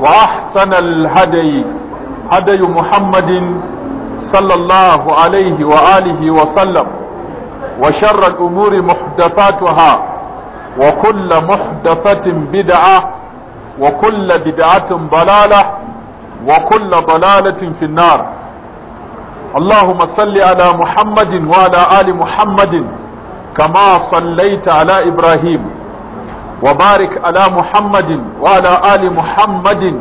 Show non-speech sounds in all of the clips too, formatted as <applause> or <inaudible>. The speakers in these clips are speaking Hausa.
وأحسن الهدي هدي محمد صلى الله عليه وآله وسلم وشر الأمور محدثاتها وكل محدثة بدعة وكل بدعة ضلالة وكل ضلالة في النار اللهم صل على محمد وعلى آل محمد كما صليت على إبراهيم وبارك على محمد وعلى آل محمد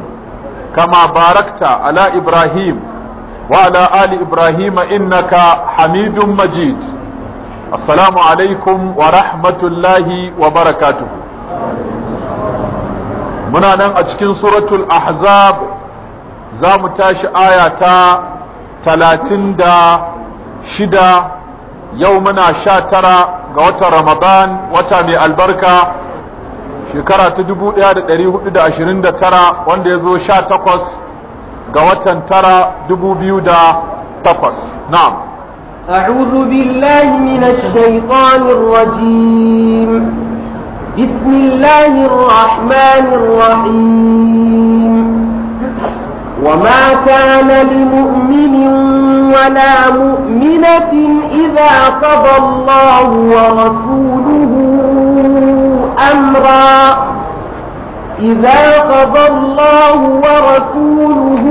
كما باركت على إبراهيم وعلى آل إبراهيم إنك حميد مجيد السلام عليكم ورحمة الله وبركاته muna nan a cikin suratul ahzab za mu tashi aya ta talatin da shida yau muna sha tara ga wata ramadan wata mai albarka shekara ta 1429 wanda ya zo 18 ga watan 9 2008 na'am أعوذ بالله من الشيطان الرجيم بسم الله الرحمن الرحيم وما كان لمؤمن ولا مؤمنة إذا قضى الله ورسوله أمرا إذا قضى الله ورسوله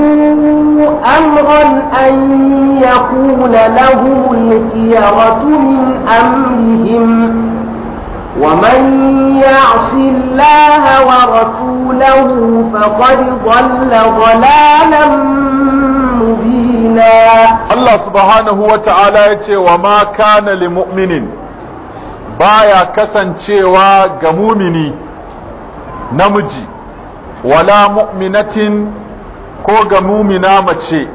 أمرا أن يقول لهم الخيرة من أمرهم ومن يعص الله ورسوله فقد ضل ضلالا مبينا الله سبحانه وتعالى يتي وما كان لمؤمن baya kasancewa ga mumini namiji wala mu'minatin ko ga mumina mace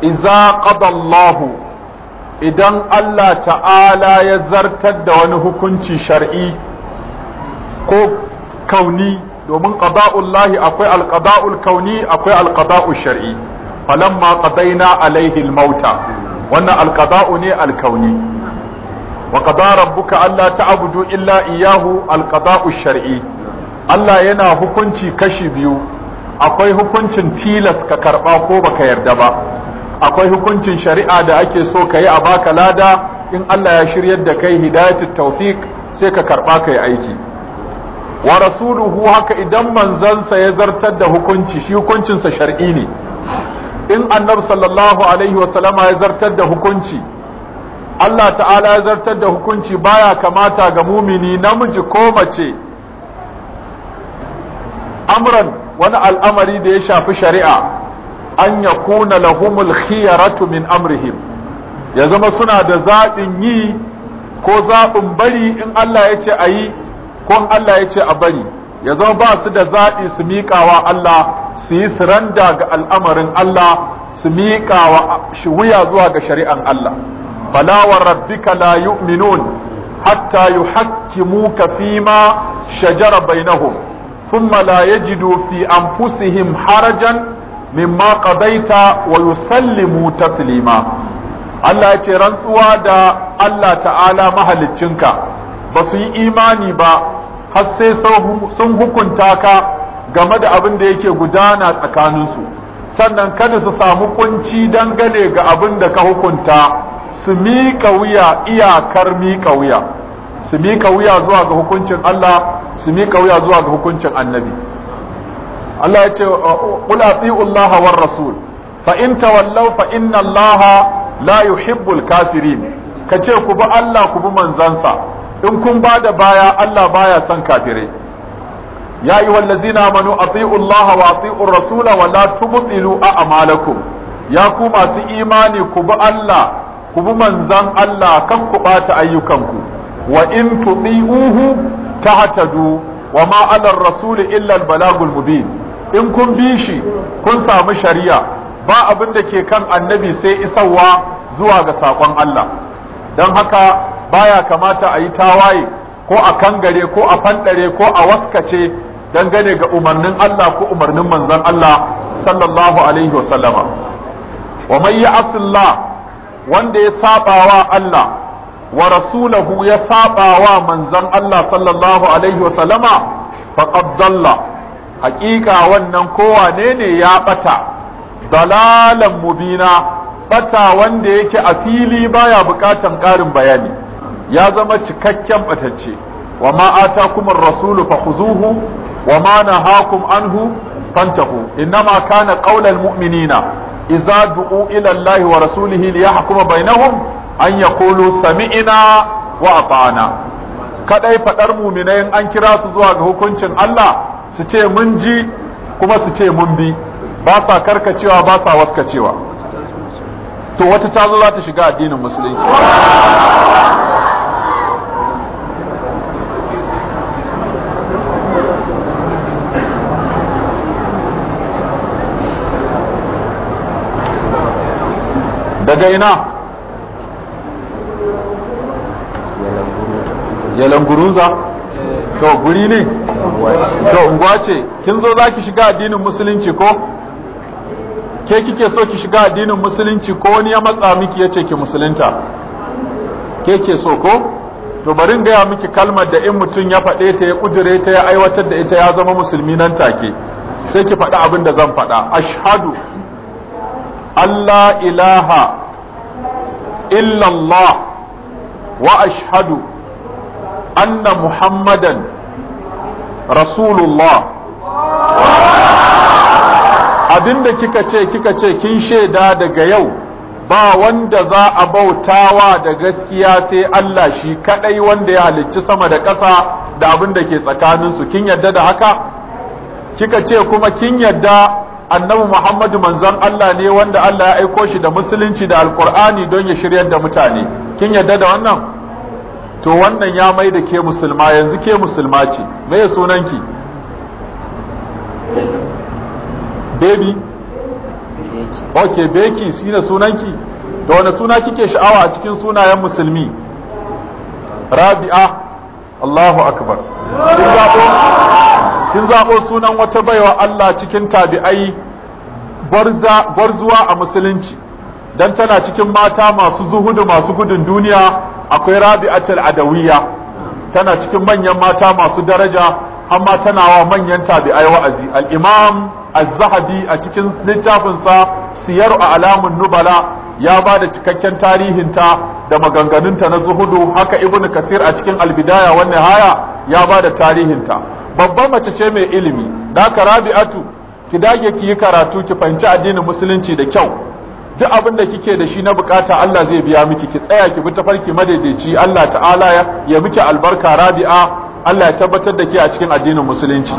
iza qadallahu idan Allah ta'ala ya zartar da wani hukunci shar'i ko kauni domin qada'ullahi akwai alqada'ul kauni akwai alqada'ul shar'i falamma qadaina alaihi almauta wannan alqada'u ne alkauni wa ka Allah alla ta'budu illa iyyahu al-qada'u Allah yana hukunci kashi biyu akwai hukuncin tilas ka karba ko baka yarda ba akwai hukuncin shari'a da ake so ka yi a baka lada in Allah ya shiryar da kai hidayatul tawfiq sai ka karba kai aiki wa rasuluhu haka idan manzansa ya zartar da hukunci shi hukuncinsa shar'i ne in annabi sallallahu alaihi wasallama ya zartar da hukunci Allah ta'ala ya zartar da hukunci baya kamata ga mumini namiji ko mace amran wani al'amari da ya shafi shari'a an ya kuna lahumul khiyaratu min amrihim ya zama suna da zaɓin yi ko zaɓin bari in Allah ya ce a yi ko in Allah ya ce a bari ya zama ba su da zaɓi su miƙawa Allah su yi siranda ga al'amarin Allah su miƙawa shi wuya zuwa ga shari'an Allah fala wa rabbika la yu'minun hatta yuhakkimuka fima shajara bainahum thumma la yajidu fi anfusihim harajan mimma qadaita wa yusallimu taslima Allah ce rantsuwa da Allah ta'ala mahaliccinka ba su yi imani ba har sai sun hukunta ka game da abin da yake gudana tsakaninsu sannan kada su samu kunci dangane ga abin da ka hukunta su miƙa wuya iyakar miƙa wuya su miƙa wuya zuwa ga hukuncin Allah su miƙa wuya zuwa ga hukuncin annabi Allah ya ce qul Allah war rasul fa in tawallaw fa inna Allah la yuhibbul kafirin ka ce ku bi Allah ku bi manzansa in kun ba da baya Allah baya son kafirai ya yi wallazina amanu ati'u Allah wa ati'u rasula wa la tubtilu a'malakum ya ku masu imani ku bi Allah ku bi manzan Allah kan ku ɓata ayyukanku wa in tuti'uhu uhu wa ma wa ar-rasul illa al-balagul mubin in kun bi shi kun samu shari'a ba abin da ke kan annabi sai isarwa zuwa ga sakon Allah don haka baya kamata a yi tawaye ko a kangare ko a fandare ko a waskace dangane ga umarnin Allah ko umarnin manzon Allah sallallahu alaihi sallama. wa man ya'sillah wanda ya wa Allah wa rasulahu ya wa manzon Allah sallallahu alaihi wasallama faqad hakika wannan kowane ne ya bata dalalan mubina bata wanda yake a fili baya bukatan karin bayani ya zama cikakken batacce wa ma atakumur rasulu fakhuzuhu wa ma nahakum anhu fantahu innama kana qaulal mu'minina iza du'u ila Allah wa rasulihi liyahkuma bainahum an yaqulu sami'na wa ata'na kadai fadar mu'minai an kira su zuwa ga hukuncin Allah su ce mun ji kuma su ce mun bi ba sa karkacewa ba sa waskacewa to wata tazo za ta shiga addinin musulunci daga ina yalanguruza to guri ne to unguwa ce kin zo za ki shiga addinin musulunci ko ke kike so ki shiga addinin musulunci ko wani ya matsa miki ya ce ki musulunta ke ke so ko to bari in gaya miki kalmar da in mutum ya faɗe ta ya ƙudure ta ya aiwatar da ita ya zama musulmi nan take sai ki faɗi abin da zan faɗa ashadu. Allah ilaha إلا الله وأشهد أن محمدا رسول الله abinda kika ce kika ce kin shaida daga yau ba wanda za a bautawa da gaskiya sai Allah shi kadai wanda ya halicci sama da ƙasa da abin da ke tsakaninsu kin yadda da haka kika ce kuma kin yadda annabi Muhammadu manzon Allah ne wanda Allah ya aiko shi da musulunci da alkur'ani don ya shiryar da mutane kin yadda da wannan to wannan ya mai da ke musulma yanzu ke musulma ce me ya sunanki baby ok beki shine sunanki da wani suna kike sha'awa a cikin sunayen musulmi rabi'a Allahu akbar kin zaɓo sunan wata baiwa Allah cikin tabi'ai barzuwa a musulunci dan tana cikin mata masu zuhudu masu gudun duniya akwai rabi'atul adawiyya tana cikin manyan mata masu daraja amma tana wa manyan tabi'ai wa'azi al-imam az-zahabi a cikin littafinsa siyar a alamun nubala ya ba da cikakken tarihinta da maganganunta na zuhudu haka ibnu kasir a cikin albidaya wannan haya ya ba da tarihinta babban mace ce mai ilimi da ka rabi'atu ki dage ki yi karatu ki fahimci addinin musulunci da kyau duk abin da kike da shi na bukata Allah zai biya miki ki tsaya ki bi ta farki madaidaici Allah ta'ala ya, ya miki albarka rabi'a Allah ya tabbatar da ke a cikin addinin musulunci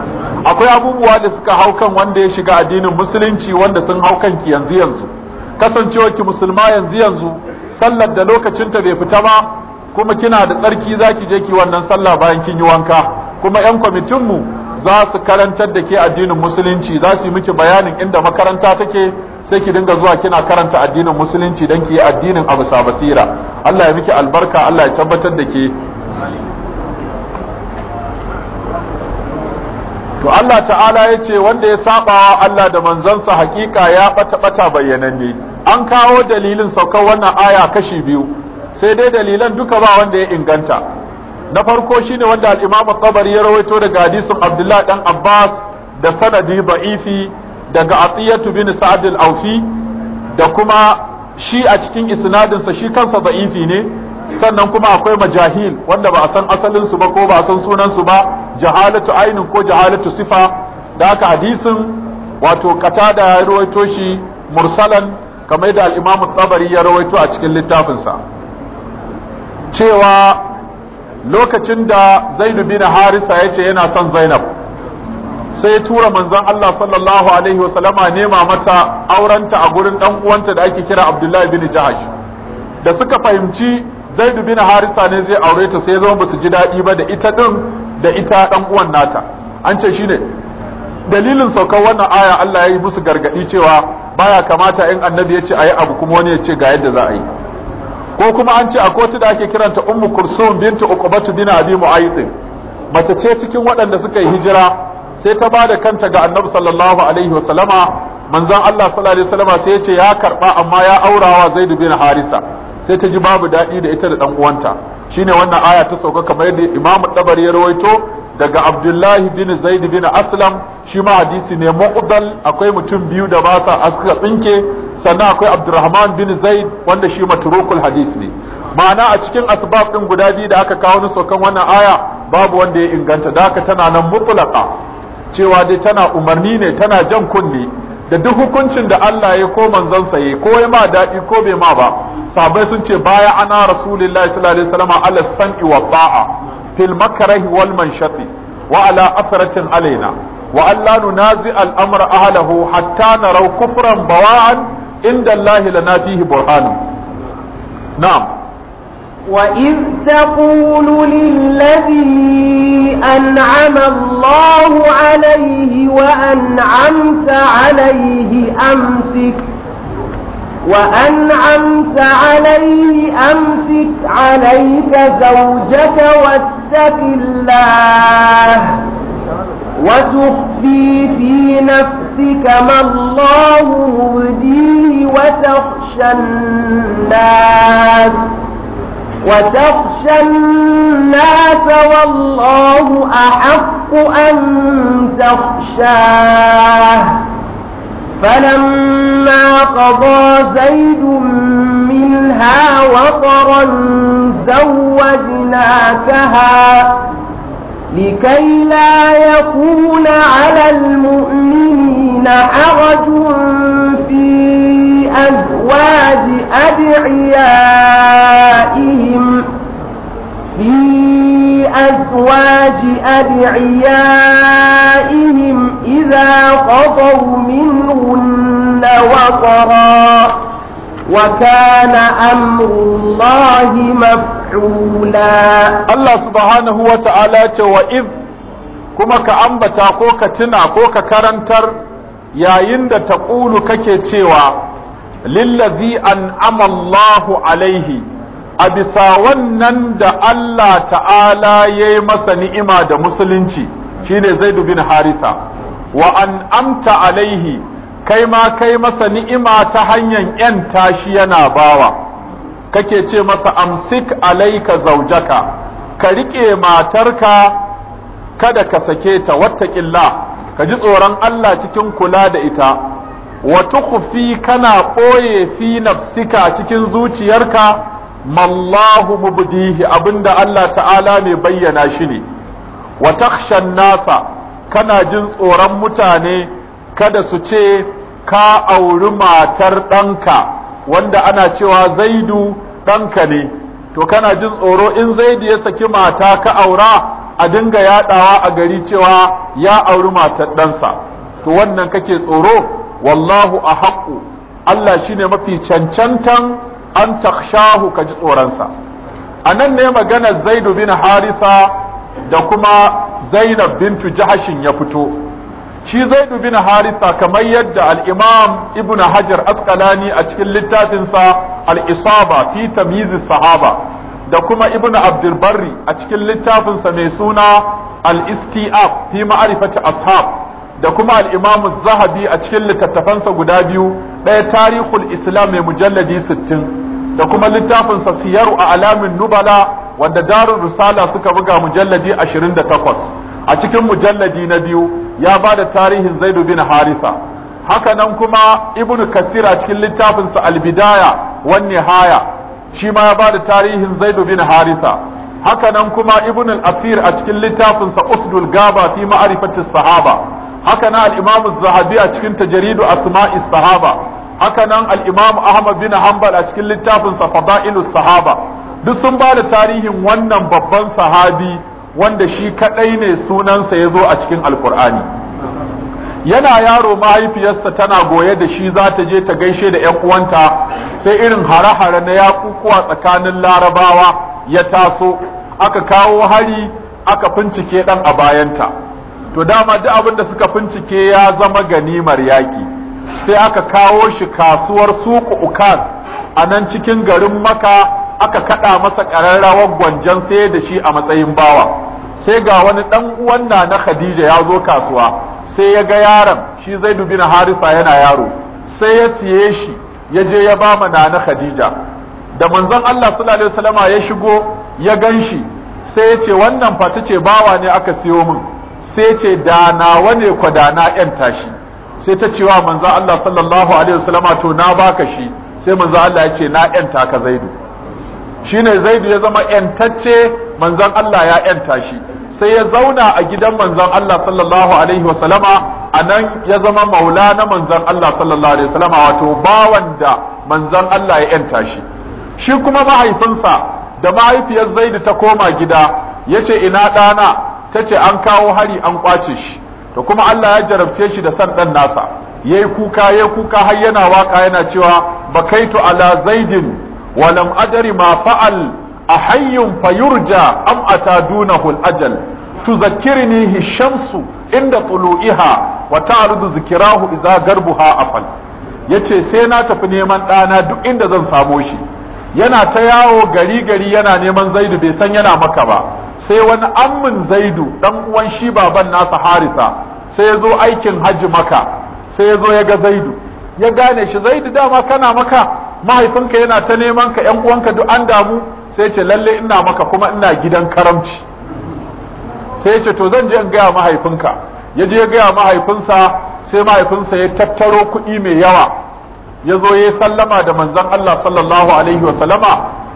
akwai abubuwa da suka haukan wanda ya shiga addinin musulunci wanda sun hau ki yanzu yanzu kasancewar ki musulma yanzu yanzu sallar da lokacinta bai fita ba kuma kina da tsarki zaki je ki wannan sallah bayan kin yi wanka kuma 'yan kwamitinmu za su karantar da ke addinin musulunci za su yi miki bayanin inda makaranta take sai ki dinga zuwa kina karanta addinin musulunci don ki yi addinin abu basira Allah ya miki albarka Allah ya tabbatar da ke to Allah ta'ala ya ce wanda ya saba wa Allah da manzansa hakika ya bata bata bayyananne an kawo dalilin saukar wannan aya kashi biyu sai dai dalilan duka ba wanda ya inganta na farko shine wanda al-Imam ya rawaito daga hadisin Abdullah dan Abbas da sanadi ba'ifi daga Atiyatu bin Sa'd al-Awfi da kuma shi a cikin isnadin sa shi kansa ba'ifi ne sannan kuma akwai majahil wanda ba a san asalin su ba ko ba a san sunan su ba jahalatu ainin ko jahalatu sifa da aka hadisin wato katada ya rawaito shi mursalan kamar da al-Imam ya rawaito a cikin littafinsa cewa lokacin da zainu bin harisa ya ce yana son zainab sai tura manzan Allah sallallahu alaihi wasallama nema mata aurenta a gurin dan uwanta da ake kira Abdullahi bin Jahash da suka fahimci zainu bin Harisa ne zai aure ta sai zama basu ji daɗi ba da ita din da ita dan uwan nata an ce shine dalilin saukar wannan aya Allah ya yi musu gargaɗi cewa baya kamata in annabi ya ce a yi abu kuma wani ya ce ga yadda za a yi ko kuma an ce a kotu da ake kiranta ummu kursum bintu uqbatu bin abi mu'ayyid mace ce cikin waɗanda suka yi hijira sai ta bada kanta ga annabi sallallahu alaihi wasallama manzon Allah sallallahu alaihi wasallama sai ya ce ya karba amma ya aurawa zaid bin harisa sai ta ji babu daɗi da ita da ɗan uwanta shine wannan aya ta sauka kamar yadda imamu tabari ya rawaito daga abdullahi bin zaid bin aslam shi ma hadisi ne mu'dal akwai mutum biyu da ba sa aska tsinke sannan akwai abdurrahman bin zaid wanda shi matrukul hadis ne ma'ana a cikin asbab din guda biyu da aka kawo nusa kan wannan aya babu wanda ya inganta da haka tana nan mutlaqa cewa dai tana umarni ne tana jan kunne da duk hukuncin da Allah ya ko manzansa saye, ko ya ma daɗi ko bai ma ba sabai sun ce baya ana rasulullahi sallallahu alaihi wasallam ala sam'i wa ba'a fil makrahi wal manshati wa ala afratin alaina wa alla nunazi al amra ahlahu hatta naraw kufran bawa'an inda Allah lana fihi burhanun na'am وإذ تقول للذي أنعم الله عليه وأنعمت عليه أمسك وأنعمت عليه أمسك عليك زوجك واتق الله وتخفي في نفسك ما الله مبديه وتخشى الناس وتخشى الناس والله أحق أن تخشاه فلما قضى زيد منها وطرا زوجناكها لكي لا يكون على المؤمنين حرج في أزواج أدعيائهم في أزواج أدعيائهم إذا قضوا منهن وطرا وكان أمر الله مفعولا الله سبحانه وتعالى وإذ كما كأنبت أخوك تنا أخوك كرنتر يا يند تقول ككي تيوى للذي أنعم الله عليه أبسا ونن دا الله تعالى يمس نئما دا مسلنشي شين زيد بن حارثة وأنعمت عليه kai ma kai masa ni'ima ta hanyar ‘yan tashi yana bawa, kake ce masa amsik alaika zaujaka, ka riƙe matarka kada ka sake ta wattaƙilla, ka ji tsoron Allah cikin kula da ita, wata kufi kana ɓoye fi nafsika cikin zuciyarka, mallahu mubdihi abinda Allah ta'ala mai bayyana shi ne, wa nasa kana jin tsoron mutane. kada su ce ka auri matar ɗanka wanda ana cewa zaidu ɗanka ne to kana jin tsoro in zaidu ya saki mata ka aura a dinga yaɗawa a gari cewa ya auri matar ɗansa to wannan kake tsoro wallahu a haƙƙu Allah shine mafi cancantan an takshahu ka ji tsoronsa a nan ne maganar zaidu bin harisa da kuma zainab bintu jahashin ya fito shi zai dubina harisa kamar yadda alimam ibn hajar asqalani a cikin littafinsa al-isaba fi tamyiz sahaba da kuma ibn Abdulbarri a cikin littafinsa mai suna al-istiab fi ma'rifati ashab da kuma al zahabi a cikin littattafansa guda biyu ɗaya tarihul islam mai mujalladi sittin, da kuma littafinsa siyaru a alamin nubala wanda darul risala suka buga mujalladi ashirin da takwas. a cikin mujalladi na biyu ya ba da tarihin zaidu bin harisa haka nan kuma ibnu kasir a cikin littafinsa albidaya wan nihaya shi ma ya ba da tarihin zaidu bin harisa haka nan kuma ibnu al-asir a cikin littafinsa usdul gaba fi ma'rifatis sahaba haka nan al-imam zahabi a cikin tajridu asma'is sahaba haka nan al-imam ahmad bin hanbal a cikin littafinsa fada'ilus sahaba duk sun ba da tarihin wannan babban sahabi wanda shi kadai ne sunansa ya zo a cikin alkur'ani yana yaro mahaifiyarsa tana goye da shi za ta je ta gaishe da ‘yan uwanta sai irin hare-hare na yakukuwa tsakanin larabawa ya taso aka kawo hari aka fincike ɗan a bayanta to dama duk abin da suka fincike ya zama ganimar yaki sai aka kawo shi kasuwar suku ukaz a nan cikin garin maka aka kada masa ƙararrawar gwanjan sai da shi a matsayin bawa sai ga wani dan uwan na na Khadija ya zo kasuwa sai ya ga yaron shi Zaid bin Harisa yana yaro sai ya siye shi ya je ya ba ma na Khadija da manzon Allah sallallahu alaihi wasallama ya shigo ya ganshi sai ya ce wannan fa tace bawa ne aka siyo min sai ya ce da nawa ne kwa da na yan tashi sai ta cewa manzon Allah sallallahu alaihi wasallama to na baka shi sai manzon Allah ya ce na yan ka Zaidu shine zaidu ya zama yantacce manzon Allah ya yanta shi sai ya zauna a gidan manzon Allah sallallahu alaihi wasallama a nan ya zama maula na manzon Allah sallallahu alaihi wasallama wato bawan da manzon Allah ya yanta shi shi kuma mahaifinsa da mahaifiyar zaidu ta koma gida ya ce ina ɗana Ta ce an kawo hari an ƙwace shi to kuma Allah ya jarabce shi da san ɗan nasa yi kuka yi kuka har yana waka yana cewa bakaitu ala zaidin ولم أدر ma fa'al a فيرجى fayurja am atadunahu al-ajal tuzakkirnihi shamsu inda tulu'iha wa ta'rudu zikrahu idza yace sai na tafi neman ɗana duk inda zan samo shi yana ta yawo gari gari yana neman zaidu bai san yana maka ba sai wani ammin zaidu dan uwan shi baban nasa harisa sai ya zo aikin hajji maka sai ya zo ya ga zaidu ya gane shi zaidu dama kana maka mahaifinka yana ta neman ka ƴan uwanka duk an damu sai ce lalle ina maka kuma ina gidan karamci sai ce to zan je in gaya mahaifinka ya je ya gaya mahaifinsa sai mahaifinsa ya tattaro kuɗi mai yawa ya zo ya sallama da manzon Allah sallallahu alaihi wa sallama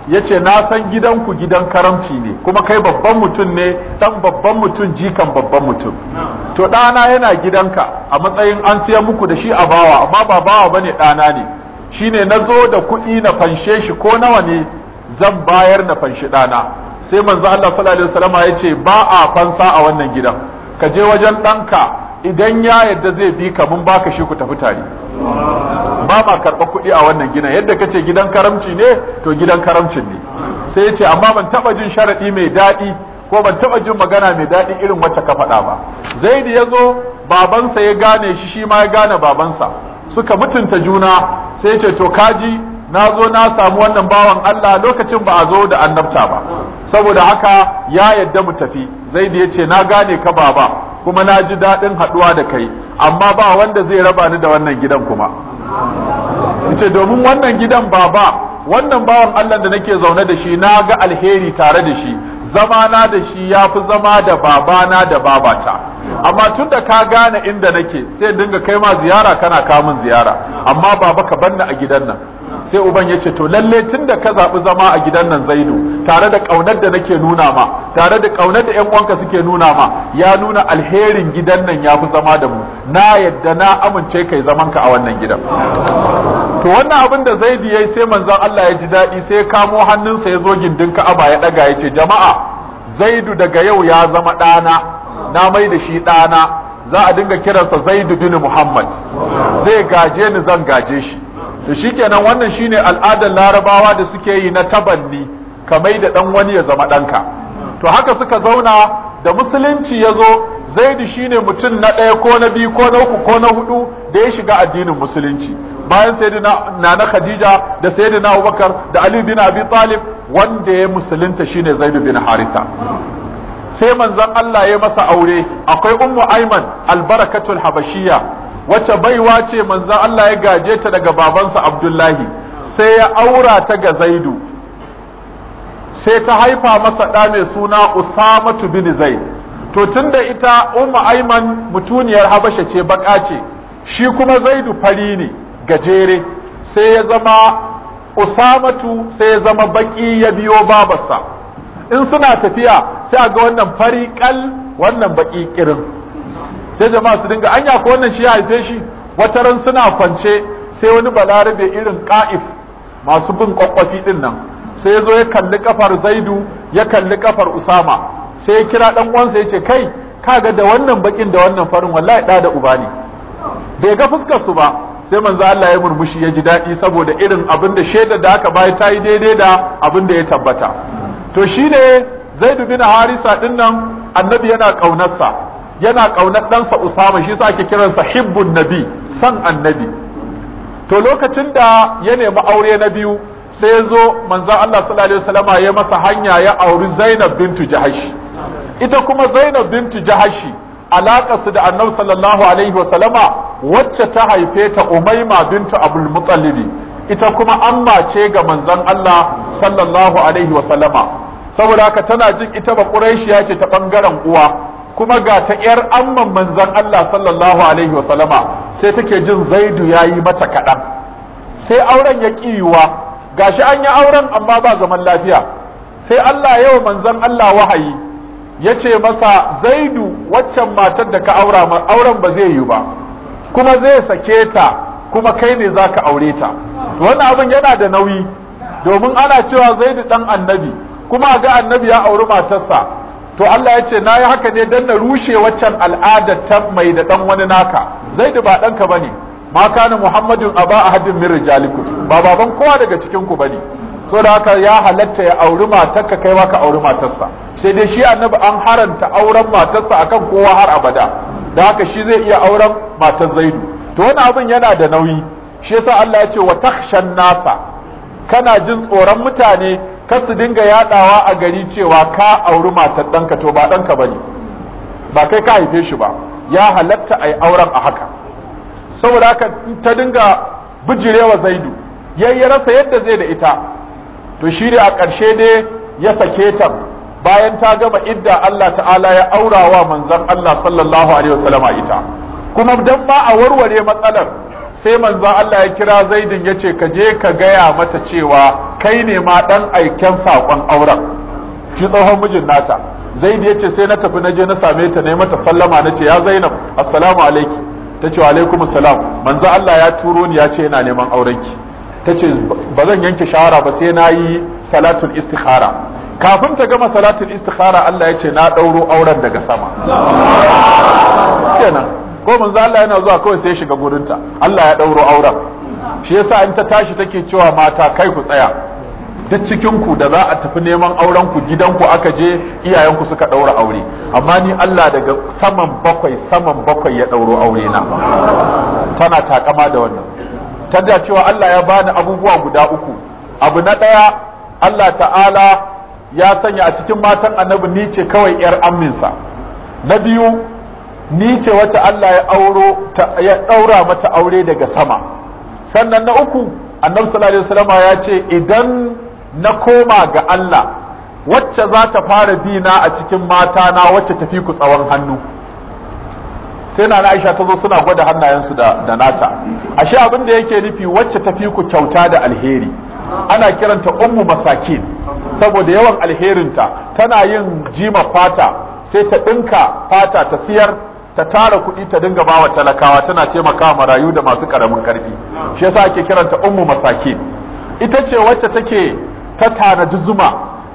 ya ce na san gidanku gidan karamci ne kuma kai babban mutum ne dan babban mutum jikan babban mutum to ɗana yana gidanka a matsayin an siya muku da shi a bawa amma ba bawa bane ɗana ne shine na zo da kuɗi na fanshe shi ko nawa ne zan bayar na fanshe ɗana sai manzo Allah sallallahu alaihi wasallam ya ce ba a fansa a wannan gidan ka je wajen ɗanka idan ya yadda zai bi ka mun baka shi ku tafi tare ba ma karɓa kuɗi a wannan gidan yadda ka ce gidan karamci ne to gidan karamcin ne sai ya ce amma ban taɓa jin sharaɗi mai daɗi ko ban taɓa jin magana mai daɗi irin wacce ka faɗa ba zaidi ya zo babansa ya gane shi shi ma ya gane babansa suka mutunta juna sai ce to kaji na zo na samu wannan bawan Allah lokacin ba a zo da annabta ba saboda haka ya yadda mu tafi zaidi ya ce na gane ka baba kuma na ji daɗin haɗuwa da kai amma ba wanda zai raba ni da wannan gidan kuma ce domin wannan gidan baba wannan bawan Allah da nake zaune da shi na ga alheri tare da shi Zama na da shi ya fi zama da babana da babata amma tun da ka gane inda nake sai dinga kai ma ziyara kana kamun ziyara amma baba ka banna a gidan nan sai uban ya ce to lalle tun da ka zaɓi zama a gidan nan zaidu tare da ƙaunar da nake nuna ma tare da ƙaunar da ƴan uwanka suke nuna ma ya nuna alherin gidan nan ya fi zama da mu na yadda na amince kai zamanka a wannan gidan to wannan abin da zaidi yayi sai manzon Allah ya ji daɗi sai ya kamo hannunsa ya zo gindin Ka'aba ya daga yace jama'a Zaidu daga yau ya zama ɗana na mai da shi ɗana za a dinga kiransa Zaidu bin Muhammad zai gaje ni zan gaje shi to shikenan wannan shine al'adar Larabawa da suke yi na tabanni ka mai da ɗan wani ya zama ɗanka to haka suka zauna da musulunci ya zo Zaidu shine mutum na ɗaya ko na biyu ko na uku ko na hudu da ya shiga addinin musulunci bayan sayyidina nana khadija da sayyidina abubakar da ali bin abi talib wanda ya musulunta shine zaid bin haritha sai manzon Allah ya masa aure akwai ummu aiman albarakatul habashiyya wacce baiwa ce manzon Allah ya gaje ta daga babansa abdullahi sai ya aura ta ga zaidu sai ta haifa masa ɗa mai suna usamatu bin zaid to tunda ita ummu aiman mutuniyar habasha ce baka ce shi kuma zaidu fari ne gajere sai ya zama usamatu sai ya zama baki ya biyo babarsa in suna tafiya sai a ga wannan fari kal wannan baki kirin sai jama'a su dinga anya ko wannan shi ya haife shi wata ran suna kwance sai wani balarabe irin ka'if masu bin kwakwafi din nan sai ya zo ya kalli kafar zaidu ya kalli kafar usama sai ya kira dan uwansa ya ce kai ga da wannan bakin da wannan farin wallahi da da uba ne bai ga fuskar su ba sai manzo Allah ya murmushi ya ji daɗi saboda irin abin da shaida da aka bayar ta yi daidai da abin da ya tabbata to shine Zaid bin Harisa din nan annabi yana kaunarsa yana kaunar ɗansa Usama shi yasa ake kiransa hibbun nabi san annabi to lokacin da ya nemi aure na biyu sai ya zo Allah sallallahu alaihi wasallama ya masa hanya ya auri Zainab bintu Jahashi ita kuma Zainab bintu Jahashi su da annabi sallallahu alaihi wasallama wacce ta haife ta umaima bintu abul mutsalibi ita kuma amma ce ga manzon Allah sallallahu alaihi wasallama saboda haka tana jin ita ba quraishiya ce ta bangaren uwa kuma ga ta yar amman manzon Allah sallallahu alaihi wasallama sai take jin zaidu yayi mata kaɗan sai auren ya kiyuwa gashi an yi auren amma ba zaman lafiya sai Allah yawa manzon Allah wahayi ya ce masa zaidu waccan matar da ka aura ma auren ba zai yi ba kuma zai sake ta kuma kai ne za ka aure ta wannan abin yana da nauyi domin ana cewa zaidu dan annabi kuma ga annabi ya auri matarsa to Allah ya ce na yi haka ne dan na rushe waccan al'adar ta mai da dan wani naka zaidu ba ɗanka ba ne ma kana muhammadun aba ahadin min rijalikum ba baban kowa daga cikin ku bane so haka ya halatta ya auri matarka kaiwa ka auri matarsa sai dai shi annabi an haranta auren matarsa akan kowa har abada da haka shi zai iya auren matar zaidu to wani abin yana da nauyi shi yasa Allah ya ce wa takshan nasa kana jin tsoron mutane kar su dinga yadawa a gari cewa ka auri matar danka to ba danka bane ba kai ka haife shi ba ya halatta ai auren a haka saboda haka ta dinga bijirewa zaidu yayi rasa yadda zai da ita to shi ne a ƙarshe dai ya sake ta bayan ta gama idda Allah ta'ala ya aura wa manzan Allah sallallahu alaihi a ita kuma dan ba a warware matsalar sai manzan Allah ya kira Zaidin ya ce ka je ka gaya mata cewa kai ne ma dan aiken saƙon auren shi tsohon mijin nata Zaid ya ce sai na tafi na je na same ta ne mata sallama na ce ya Zainab assalamu alaiki ta ce wa alaikum assalam manzon Allah ya turo ni ya ce yana neman aurenki ta ce ba zan yanke shawara ba sai na yi salatul istikhara kafin ta gama salatul istikhara Allah ya ce na ɗauro auren daga sama kenan ko manzo Allah yana zuwa kawai sai ya shiga gurinta Allah ya ɗauro auren shi yasa in ta tashi take cewa mata kai ku tsaya duk cikin ku da za a tafi neman auren ku gidanku aka je iyayenku suka ɗaura aure amma ni Allah daga saman bakwai saman bakwai ya ɗauro aure na tana takama da wannan tada cewa Allah ya bani abubuwa guda uku abu na ɗaya Allah ta'ala ya sanya a cikin matan annabi ni ce kawai yar amminsa na biyu ni ce wacce Allah ya auro ya daura mata aure daga sama sannan na uku annabi sallallahu alaihi wasallam ya ce idan na koma ga Allah wacce za ta fara bina a cikin mata na wacce tafi ku tsawon hannu sai na Aisha ta zo suna gwada hannayensu da da nata ashe abin da yake nufi wacce ta fi ku kyauta da alheri ana kiranta ummu masakin saboda yawan alherinta tana yin jima fata sai ta dinka fata ta siyar ta tara kuɗi ta dinga bawa talakawa tana taimaka marayu da masu karamin karfi shi yasa ake kiranta ummu masakin ita ce wacce take ta tana zuma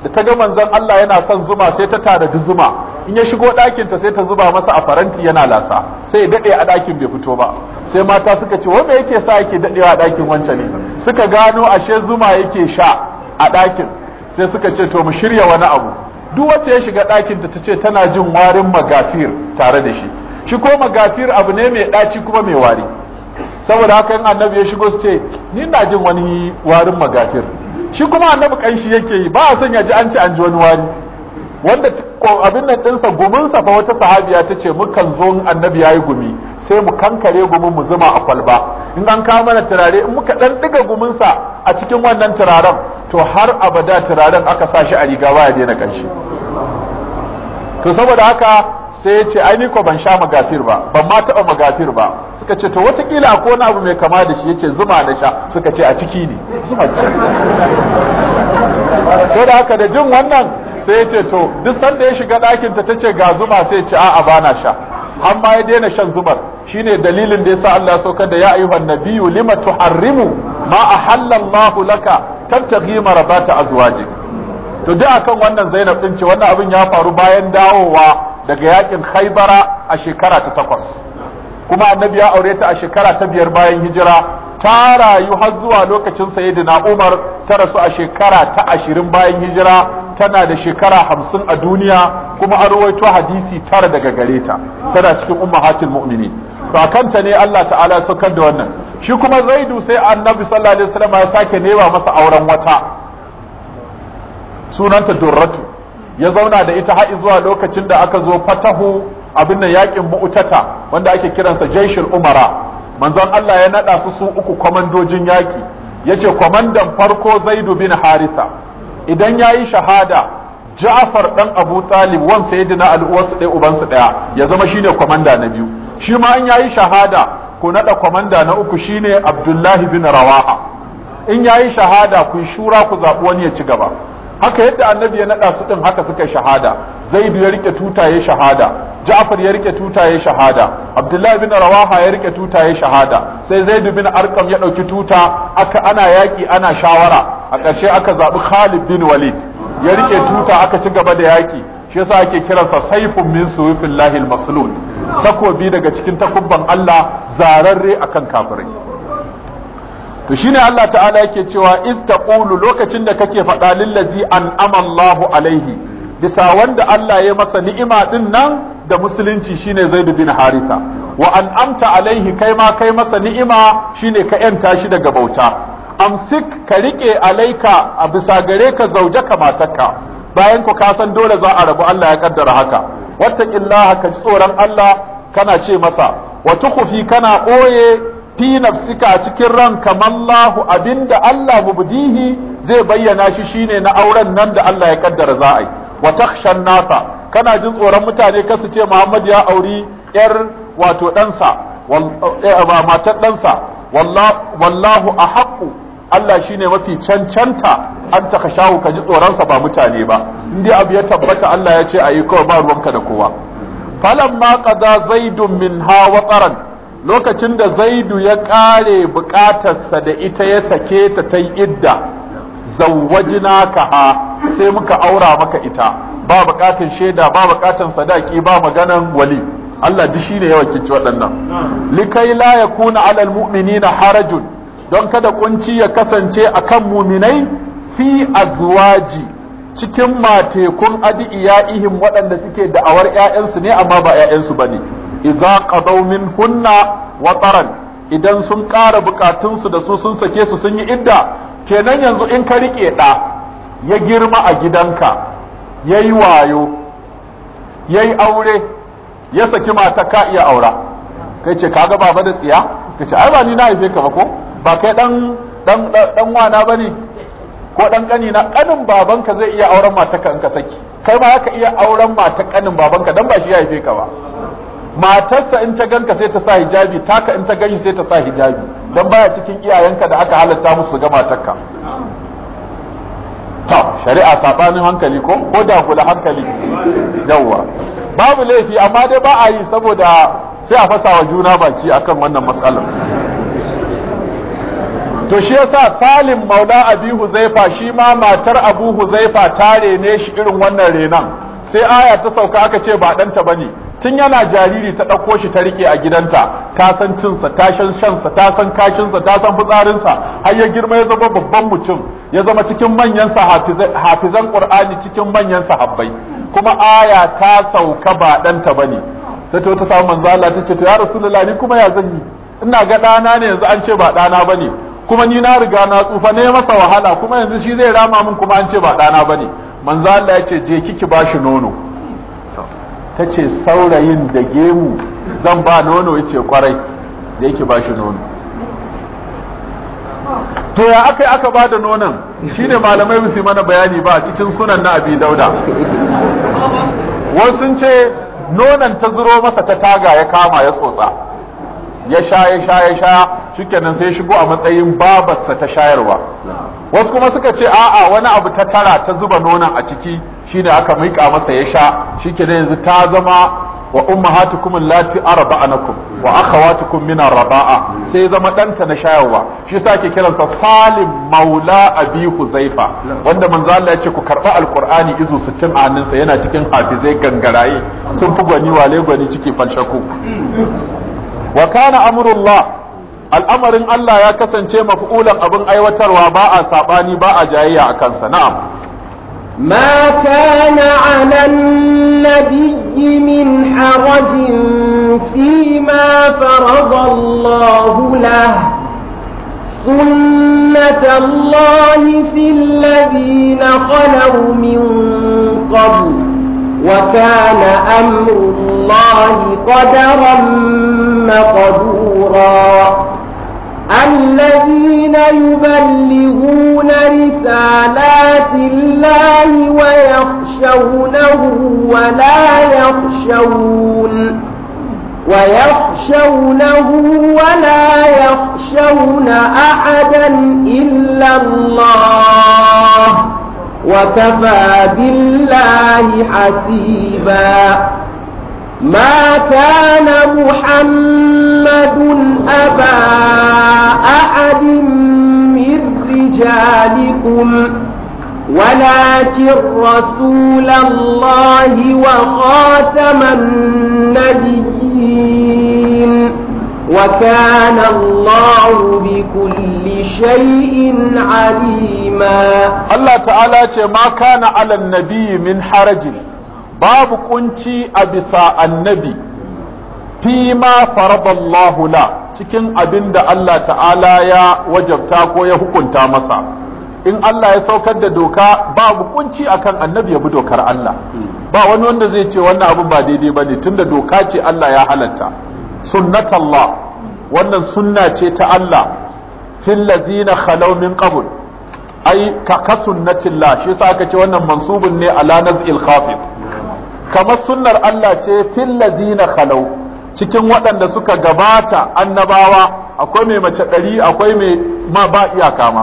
da ta ga manzon Allah yana son zuma sai ta tanadi zuma in ya shigo ɗakin ta sai ta zuba masa a faranti yana lasa sai daɗe a ɗakin bai fito ba sai mata suka ce wanda yake sa yake daɗewa a ɗakin wancan ne suka gano ashe zuma yake sha a ɗakin sai suka ce to mu shirya wani abu duk wacce ya shiga ɗakin ta ce tana jin warin magafir tare da shi shi ko magafir abu ne mai ɗaci kuma mai wari saboda haka yin annabi ya shigo su ce ni na jin wani warin magafir shi kuma annabi kanshi yake yi ba a son ya ji an ce an ji wani wari wanda abin nan ɗinsa guminsa fa wata sahabiya ta ce mukan zo annabi ya yi gumi sai mu kankare gumin mu zuma a kwalba in an kawo mana turare in muka ɗan ɗiga guminsa a cikin wannan turaren to har abada turaren aka sa shi a riga ba ya daina to saboda haka sai ya ce ai ko ban sha magafir ba ban ma taɓa magafir ba suka ce to watakila ko na abu mai kama da shi ya ce zuma na sha suka ce a ciki ne zuma ce sai da haka da jin wannan sai ya ce to duk sanda ya shiga ɗakin ta tace ga zuma sai ce a'a bana sha an ma ya daina shan zubar shine dalilin da yasa Allah ya saukar da ya ayyuhan nabiyyu lima tuharrimu ma ahalla Allahu laka tabtaghi marabata azwaji to duk akan wannan Zainab din ce wannan abin ya faru bayan dawowa daga yakin Khaibara a shekara ta takwas kuma annabi ya aure ta a shekara ta biyar bayan hijira ta rayu har zuwa lokacin sayyidina Umar ta rasu a shekara ta ashirin bayan hijira tana da shekara hamsin a duniya kuma an rawaito hadisi tara daga gare ta tana cikin ummahatul mu'mini to akanta ne Allah ta'ala ya saukar da wannan shi kuma Zaidu sai Annabi sallallahu alaihi wasallam ya sake nema masa auren wata sunanta Durratu ya zauna da ita har zuwa lokacin da aka zo fatahu abin nan yakin mu'tata wanda ake kiransa jaishul umara manzon Allah ya nada su su uku kwamandojin yaki yace kwamandan farko Zaidu bin Harisa idan yayi shahada Ja'far dan Abu Talib wan sayyidina al'uwarsu ɗaya su ɗaya ya zama shine kwamanda na biyu shi ma an yayi shahada ku nada kwamanda na uku shine Abdullahi bin Rawaha in yayi shahada ku shura ku zabi wani ya ci gaba haka yadda annabi ya naɗa su ɗin haka suka shahada zaid ya rike tuta ya shahada ja'far ya rike tuta ya shahada abdullahi bin rawaha ya rike tuta ya shahada sai zaid bin arqam ya ɗauki tuta aka ana yaki ana shawara a ƙarshe aka zaɓi khalid bin walid ya rike tuta aka ci gaba da yaki shi yasa ake kiransa saifun min suwifillahi maslul takobi daga cikin takubban Allah zararre akan kafirai to shine Allah ta'ala yake cewa iz taqulu lokacin da kake faɗa lillazi an'ama Allahu alaihi bisa wanda Allah ya masa ni'ima din nan da musulunci shine Zaid bin Haritha wa an'amta alaihi kai ma kai masa ni'ima shine ka yanta shi daga bauta amsik ka rike alaika a bisa gare ka zaujaka matarka bayan ku ka san dole za a rabu Allah ya kaddara haka wattaqillaha ka ji tsoron Allah kana ce masa wa tukufi kana ɓoye fi nafsika a cikin ranka mallahu abinda Allah mubdihi zai bayyana shi shine na auren nan da Allah ya kaddara za a yi wa takhshan kana jin tsoron mutane kasu ce Muhammad ya auri yar wato ɗansa eh, matar ɗansa wallahu a haƙƙu. Allah shine mafi cancanta an taka shahu ka ji tsoronsa ba mutane ba indai abu ya tabbata Allah ya ce a yi kawai ba ruwanka da kowa falan maƙaza zai zaidun min ha lokacin da zaidu ya ƙare bukatarsa da ita ya sake ta ta idda zawajina ka ha sai muka aura maka ita ba bukatun shaida ba bukatun sadaki ba maganan wali Allah duk shine ya wakilci waɗannan likai la yakuna alal harajun don kada kunci ya kasance a kan muminai fi azwaji cikin matekun ihim waɗanda suke da'awar 'ya'yansu ne amma ba ƴaƴansu bane idza qadaw minhunna taran idan sun ƙara bukatunsu da su sun sake su sun yi idda kenan yanzu in ka rike ɗa ya girma a gidanka ya yi wayo ya yi aure ya saki mata ka iya aura kai ce kaga baba da tsiya ka ce ai ba ni na haife ka ba ko ba kai dan dan dan wana bane ko dan kani na kanin babanka zai iya auren ka in ka saki kai ma haka iya auren mata kanin babanka dan ba shi ya haife ka ba matarsa in ta ganka sai ta sa hijabi taka in ta gani sai ta sa hijabi don baya cikin iyayenka da aka halatta musu ga matarka ta shari'a sabanin hankali ko ko da kula hankali yawwa babu laifi amma dai ba a yi saboda sai a fasa wa juna baki akan wannan matsalar to shi yasa salim maula abi huzaifa shi ma matar abu huzaifa ta rene shi irin wannan renan sai aya ta sauka aka ce ba ɗanta bane tun yana jariri ta ɗauko shi ta riƙe a gidanta ta san cinsa ta san shansa ta san kashinsa ta san fitsarinsa har ya girma ya zama babban mutum ya zama cikin manyan hafizan ƙur'ani cikin manyan sahabbai kuma aya ta sauka ba ɗanta ne sai ta samun manzo Allah ta ce to ya rasulullah ni kuma ya zan yi ina ga ɗana ne yanzu an ce ba ɗana bane kuma ni na riga na tsufa ne masa wahala kuma yanzu shi zai rama min kuma an ce ba ɗana bane manzo Allah ya ce je kiki shi nono ta ce saurayin da gemu zan ba nono ya ce kwarai da yake ba shi nono to ya aka aka ba da nonon shine malamai musu mana bayani ba cikin sunan na abi dauda wasu ce nonon ta zuro masa ta taga ya kama ya tsotsa ya sha ya sha ya sha shikenan sai shigo a matsayin babarsa ta shayarwa wasu kuma suka ce a'a wani abu ta tara ta zuba nonon a ciki shine aka miƙa masa ya sha shikenan yanzu ta zama wa ummahatukum allati arba'anakum wa akhawatukum min arba'a sai zama danta na shayarwa shi yasa ake kiransa Salim Maula Abi Huzaifa wanda manzo Allah ya ce ku karba alqur'ani izu 60 a hannunsa yana cikin hafizai gangaraye sun fi gwani wale gwani ciki falshaku wa kana amrullah al'amarin Allah ya kasance ulan abin aiwatarwa ba a saɓani ba a jayayya a kansa na'am ما كان على النبي من حرج فيما فرض الله له سنة الله في الذين خلوا من قبل وكان أمر الله قدرا مقدورا الذين يبلغون رسالات الله ويخشونه ولا يخشون ويخشونه ولا يخشون أحدا إلا الله وكفى بالله حسيبا ما كان محمد أبا أحد من رجالكم ولكن رسول الله وخاتم النبيين وكان الله بكل شيء عليما الله تعالى ما كان على النبي من حرج babu kunci a bisa annabi fi ma faraballahu la cikin abin da Allah ta'ala ya wajabta ko ya hukunta masa in Allah ya saukar da doka babu kunci akan annabi ya bi dokar Allah ba wani wanda zai ce wannan abin ba daidai bane tunda doka ce Allah ya halatta sunnatallah wannan sunna ce ta Allah fil ladzina khalaw min qabl ai ka ka sunnatillah shi yasa aka ce wannan mansubun ne ala nazil khafid kamar sunnar Allah ce fil na khalau cikin waɗanda suka gabata annabawa akwai mai mace ɗari akwai mai ma ba iyaka ma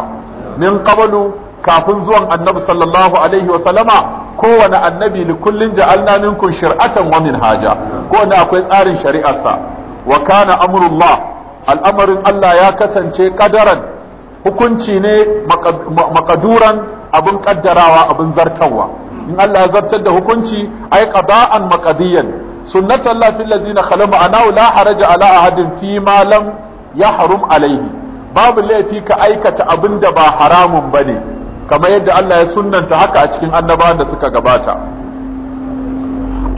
min qablu kafin zuwan annabi sallallahu alaihi wa sallama kowane annabi li kullin ja'alna minkum shir'atan wa minhaja kowane akwai tsarin shari'arsa wa kana amrullah al'amarin Allah ya kasance kadaran hukunci ne makaduran abin kaddarawa abin zartawa in Allah ya zartar da hukunci ay qada'an maqdiyan sunnat Allah fil ladina khalu ma'ana la haraja ala ahadin fi ma lam yahrum alayhi babu laifi ka aikata abin da ba haramun bane kamar yadda Allah ya sunnanta haka a cikin annabawan da suka gabata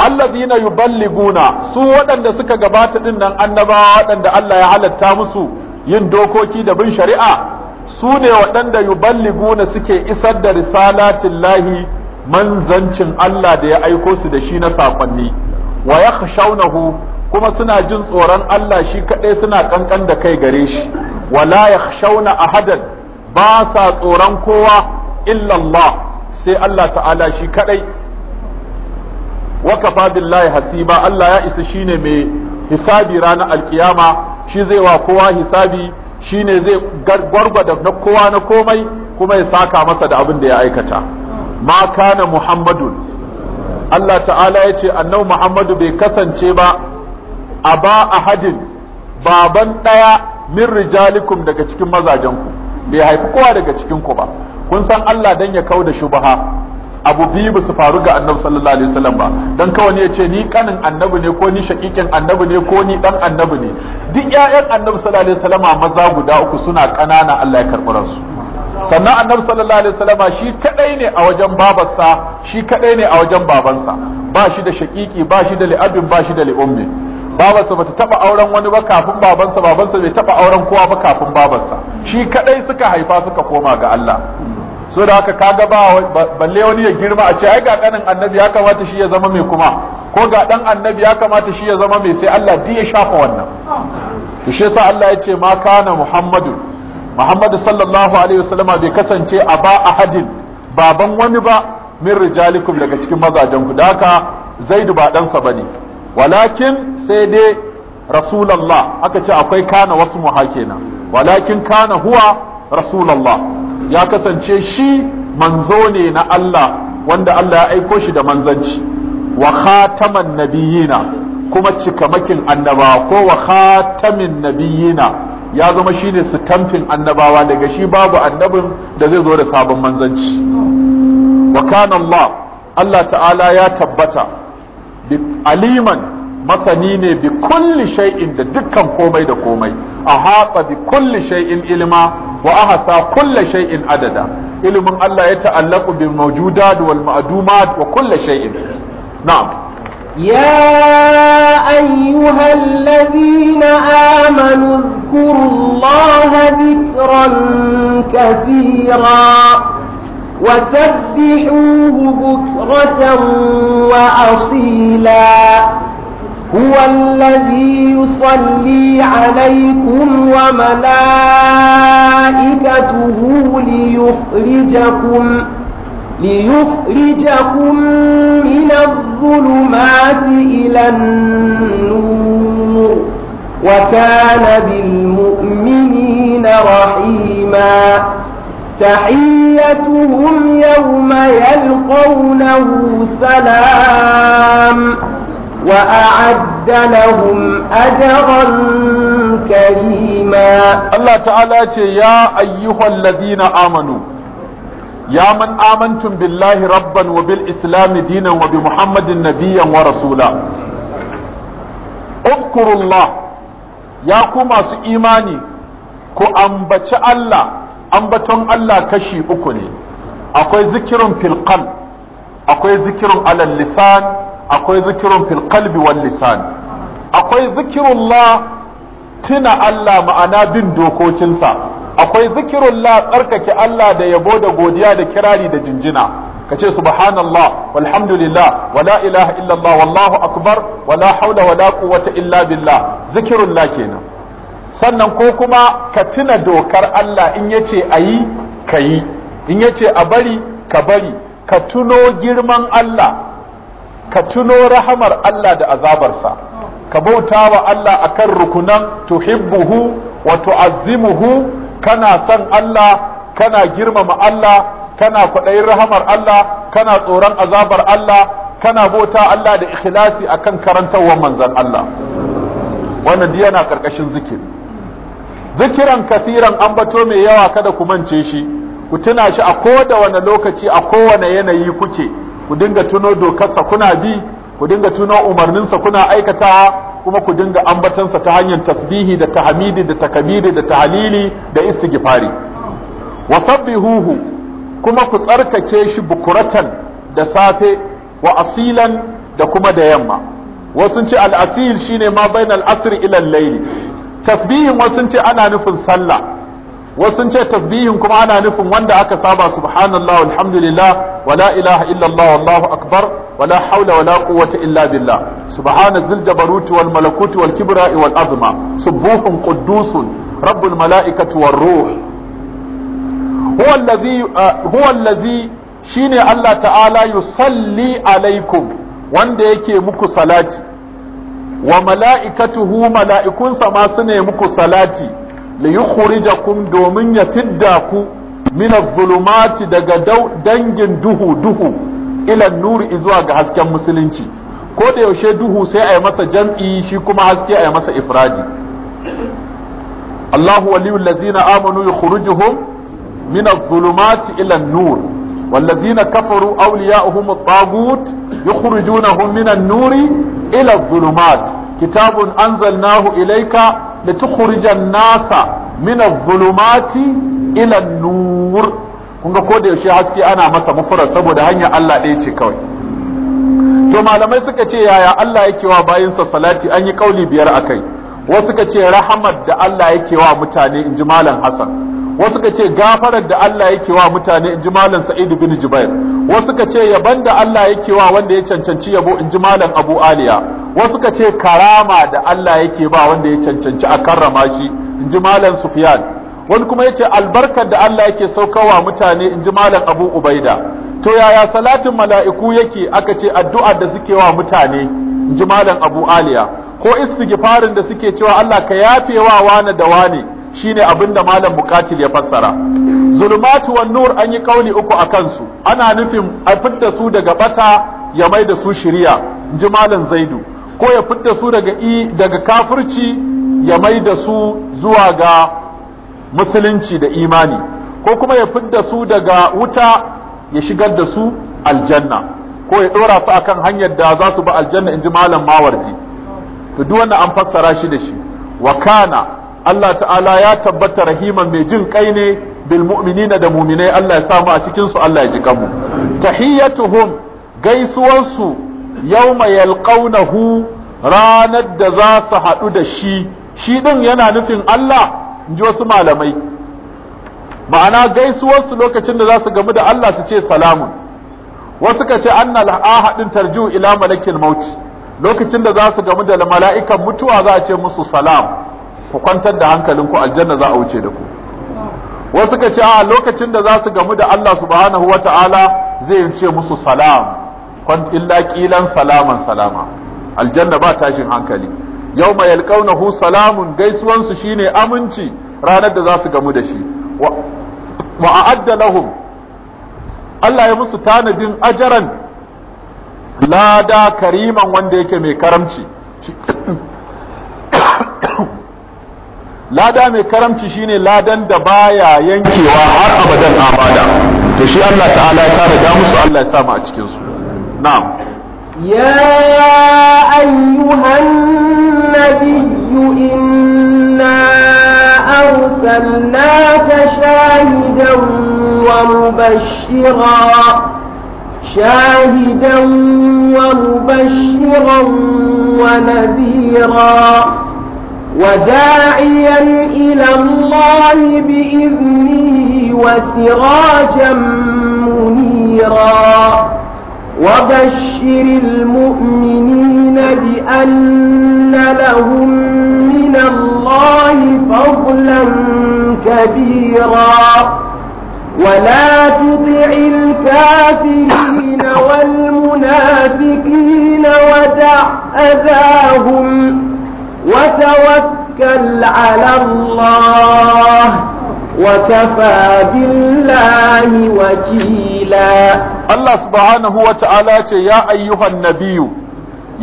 alladhina yuballiguna su waɗanda suka gabata din nan annabawa waɗanda Allah ya halatta musu yin dokoki da bin shari'a su ne waɗanda yuballiguna suke isar da risalatin lahi manzancin Allah da ya aiko su da shi na sakonni wa yakhshawnahu kuma suna jin tsoron Allah shi kaɗai suna kankan da kai gare shi wala a ahadan ba sa tsoron kowa illallah sai Allah ta'ala shi kaɗai. wa kafa billahi hasiba Allah ya isa shine mai hisabi ranar alkiyama shi zai wa kowa hisabi shine zai gwargwada na kowa na komai kuma ya saka masa da abin da ya aikata ma kana muhammadun Allah ta'ala ya ce annabi muhammadu bai kasance ba a ba ahadin baban ɗaya min rijalikum daga cikin mazajenku bai haifi kowa daga cikinku ba kun san Allah dan ya kau da shubaha abu biyu ba su faru ga annabi sallallahu alaihi wasallam ba dan kawai ne yace ni kanin annabi ne ko ni shakikin annabi ne ko ni dan annabi ne duk ƴaƴan annabi sallallahu alaihi wasallam maza guda uku suna ƙanana Allah ya karɓi ransu sannan annabi sallallahu alaihi wasallama shi kadai ne a wajen babarsa shi kadai ne a wajen babansa ba shi da shakiki ba shi da li'abin ba shi da li'ummi babarsa bata taba auren wani ba kafin babansa babansa bai taba auren kowa ba kafin babarsa shi kadai suka haifa suka koma ga Allah so da haka kaga ba balle wani ya girma a ce ai ga kanin annabi ya kamata shi ya zama mai kuma ko ga dan annabi ya kamata shi ya zama mai sai Allah duk ya shafa wannan to shi yasa Allah ya ce ma kana muhammadu Muhammadu sallallahu alaihi wasallama bai kasance a ba a hadin baban wani ba min rijalikum daga cikin mazajen ku haka Zaidu ba ɗansa ne walakin sai dai Rasulallah aka ce akwai kana wasu muha kenan walakin kana huwa Rasulallah ya kasance shi manzo ne na Allah wanda Allah ya aiko shi da manzanci wa khataman nabiyina kuma cikamakin annaba ko wa khatamin nabiyina ya zama shine sitamfin annabawa daga shi babu annabin da zai zo da sabon manzanci wa kana Allah Allah ta'ala ya tabbata aliman masani ne bi kulli shay'in da dukkan komai da komai ahata bi kulli shay'in ilma wa ahasa kulli shay'in adada ilimin Allah ya ta'allaku bi mawjudat wal ma'dumat wa kulli shay'in na'am يا أيها الذين آمنوا اذكروا الله ذكرا كثيرا وسبحوه بكرة وأصيلا هو الذي يصلي عليكم وملائكته ليخرجكم ليخرجكم من الظلم الظلمات إلى النور وكان بالمؤمنين رحيما تحيتهم يوم يلقونه سلام وأعد لهم أجرا كريما الله تعالى يا أيها الذين آمنوا ya man amantum billahi rabban wa bil islam dinan wa bi muhammadin wa rasula uzkurullah ya ku masu imani ku ambaci Allah ambaton Allah kashi uku ne akwai zikirin fil akwai zikirin alal lisan akwai zikirin fil qalbi wal lisan akwai zikirullah tuna Allah ma'ana bin dokokinsa akwai la tsarkake Allah da yabo da godiya da kirari da jinjina Ka ce subhanallah walhamdulillah wala ilaha illallah wallahu akbar wala haula wala quwwata illa billah la kenan sannan ko kuma ka tuna dokar Allah in yace ayi kayi in yace a bari ka bari ka tuno girman Allah ka tuno rahamar Allah da azabarsa ka bauta wa Allah akan rukunan tuhibbuhu wa tu'azzimuhu kana son Allah kana girmama Allah kana kwaɗayin rahamar Allah kana tsoron azabar Allah kana bota Allah da ikhlasi akan karantawar manzan Allah wannan duk yana karkashin zikiri zikiran kafiran bato mai yawa kada ku mance shi ku tuna shi a koda wani lokaci a kowane yanayi kuke ku dinga tuno dokarsa kuna bi ku dinga tuno umarninsa kuna aikatawa kuma ku dinga ambatansa ta hanyar tasbihi da tahmidi da takabiri da tahlili da istighfari wasabbihuhu kuma ku tsarkake shi bukuratan da safe wa asilan da kuma da yamma wasu ce al-asil shine ma bainal asr ila al-layl tasbihin wasu ce ana nufin sallah wasu ce tasbihin kuma ana nufin wanda aka saba subhanallah alhamdulillah wala ilaha illallah wallahu akbar wala haula wala quwwata illa billah subhana zil jabaruti wal malakuti wal kibra'i wal azma subuhun quddusun rabbul malaikati war ruh huwa huwa shine Allah ta'ala yusalli alaikum wanda yake muku salati wa mala'ikatuhu mala'ikunsa ma su ne muku salati li yukhrijakum domin ya fidda ku min zulumati daga dangin duhu duhu ila nuri zuwa ga hasken musulunci ko da yaushe duhu sai a yi masa jam'i shi kuma haske a yi masa ifradi Allahu waliyul ladzina amanu yukhrijuhum min adh-dhulumati ila an-nur والذين كفروا أولياؤهم الطاغوت يخرجونهم من nuri إلى الظلمات كتاب Anzalnahu إليك da tukhrijan nasa min adh-dhulumati ila an-nur kun ga koda yaushe haske ana masa mufuras saboda hanyar Allah ɗaya ce kawai to malamai suka ce yaya Allah yake wa bayinsa salati an yi kauli biyar akai wasu suka ce rahamar da Allah yake wa mutane in ji malam Hassan wasu ka ce gafarar da Allah yake wa mutane in ji malam Sa'id bin Jubair wasu ka ce yaban da Allah yake wa wanda ya cancanci yabo in ji malam Abu Aliya wasu ka ce karama da Allah yake ba wanda ya cancanci a karrama shi in ji malam Sufyan wani kuma yace albarkar da Allah yake saukawa mutane in ji malam Abu Ubaida to yaya salatin mala'iku yake aka ce addu'ar da suke wa mutane in ji malam Abu Aliya ko istighfarin da suke cewa Allah ka yafewa wana da ne. shine abinda malam bukatil ya fassara zulumatu wan nur an yi kauli uku a kansu ana nufin a fitta su daga bata ya mai da su shiriya inji malam zaidu ko ya fitta su daga i daga kafirci ya mai da su zuwa ga musulunci da imani ko kuma ya fitta su daga wuta ya shigar da su aljanna ko ya dora su akan hanyar da za su ba aljanna inji malam mawardi to duk wannan an fassara shi da shi wa kana Allah ta'ala ya tabbata rahiman mai jin kai ne bil mu'minina da mu'minai Allah ya samu a cikin su Allah ya ji kanmu tahiyyatuhum gaisuwar su yawma yalqawnahu ranar da za su haɗu da shi shi din yana nufin Allah in ji wasu malamai ma'ana gaisuwar su lokacin da za su gamu da Allah su ce salamu, wasu ka ce annal ahadin tarju ila malakil maut lokacin da za su gamu da mala'ikan mutuwa za a ce musu salam ku kwantar da hankalinku aljanna za a wuce da ku wasu ka ce a lokacin da za su gamu da Allah subhanahu wa ta'ala zai ce musu salam illa ƙilan salaman salama aljanna ba tashin hankali yau mai hu salamun gaisuwansu shine aminci ranar da za su gamu da shi wa a'adda lahum Allah ya musu tanadin ajaran lada kariman wanda yake mai karamci <coughs> <coughs> lada mai karamci shine ladan da baya yankewa har abadan abada to shi Allah ta'ala ya kare da musu Allah ya sa mu a cikin su na'am ya ayyuhan nabiyyu inna arsalnaka shahidan wa mubashshiran wa ومبشرا ونذيرا وداعيا إلى الله بإذنه وسراجا منيرا وبشر المؤمنين بأن لهم من الله فضلا كبيرا ولا تطع الكافرين والمنافقين ودع أذاهم وتوكل على الله وكفى بالله وكيلا الله سبحانه وتعالى يا أيها النبي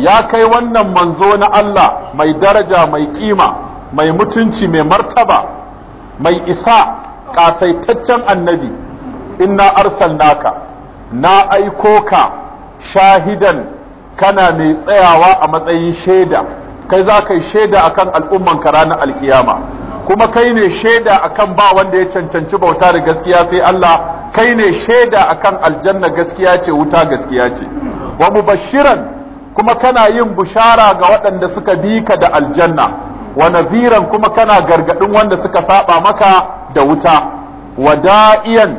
يا كي ونن منزون الله مي درجة مي قيمة مي متنشي مي مرتبة مي إساء قاسي تتشن النبي إنا أرسلناك na aiko ka shahidan kana mai tsayawa a matsayin shaida kai za ka yi shaida akan al'umman ka ranar alkiyama kuma kai ne shaida a kan ba wanda ya cancanci bauta da gaskiya sai Allah kai ne shaida a kan aljanna gaskiya ce wuta gaskiya ce wa mubashiran kuma kana yin bushara ga waɗanda suka bi ka da aljanna wa nadhiran kuma kana gargaɗin wanda suka saba maka da wuta wa da'iyan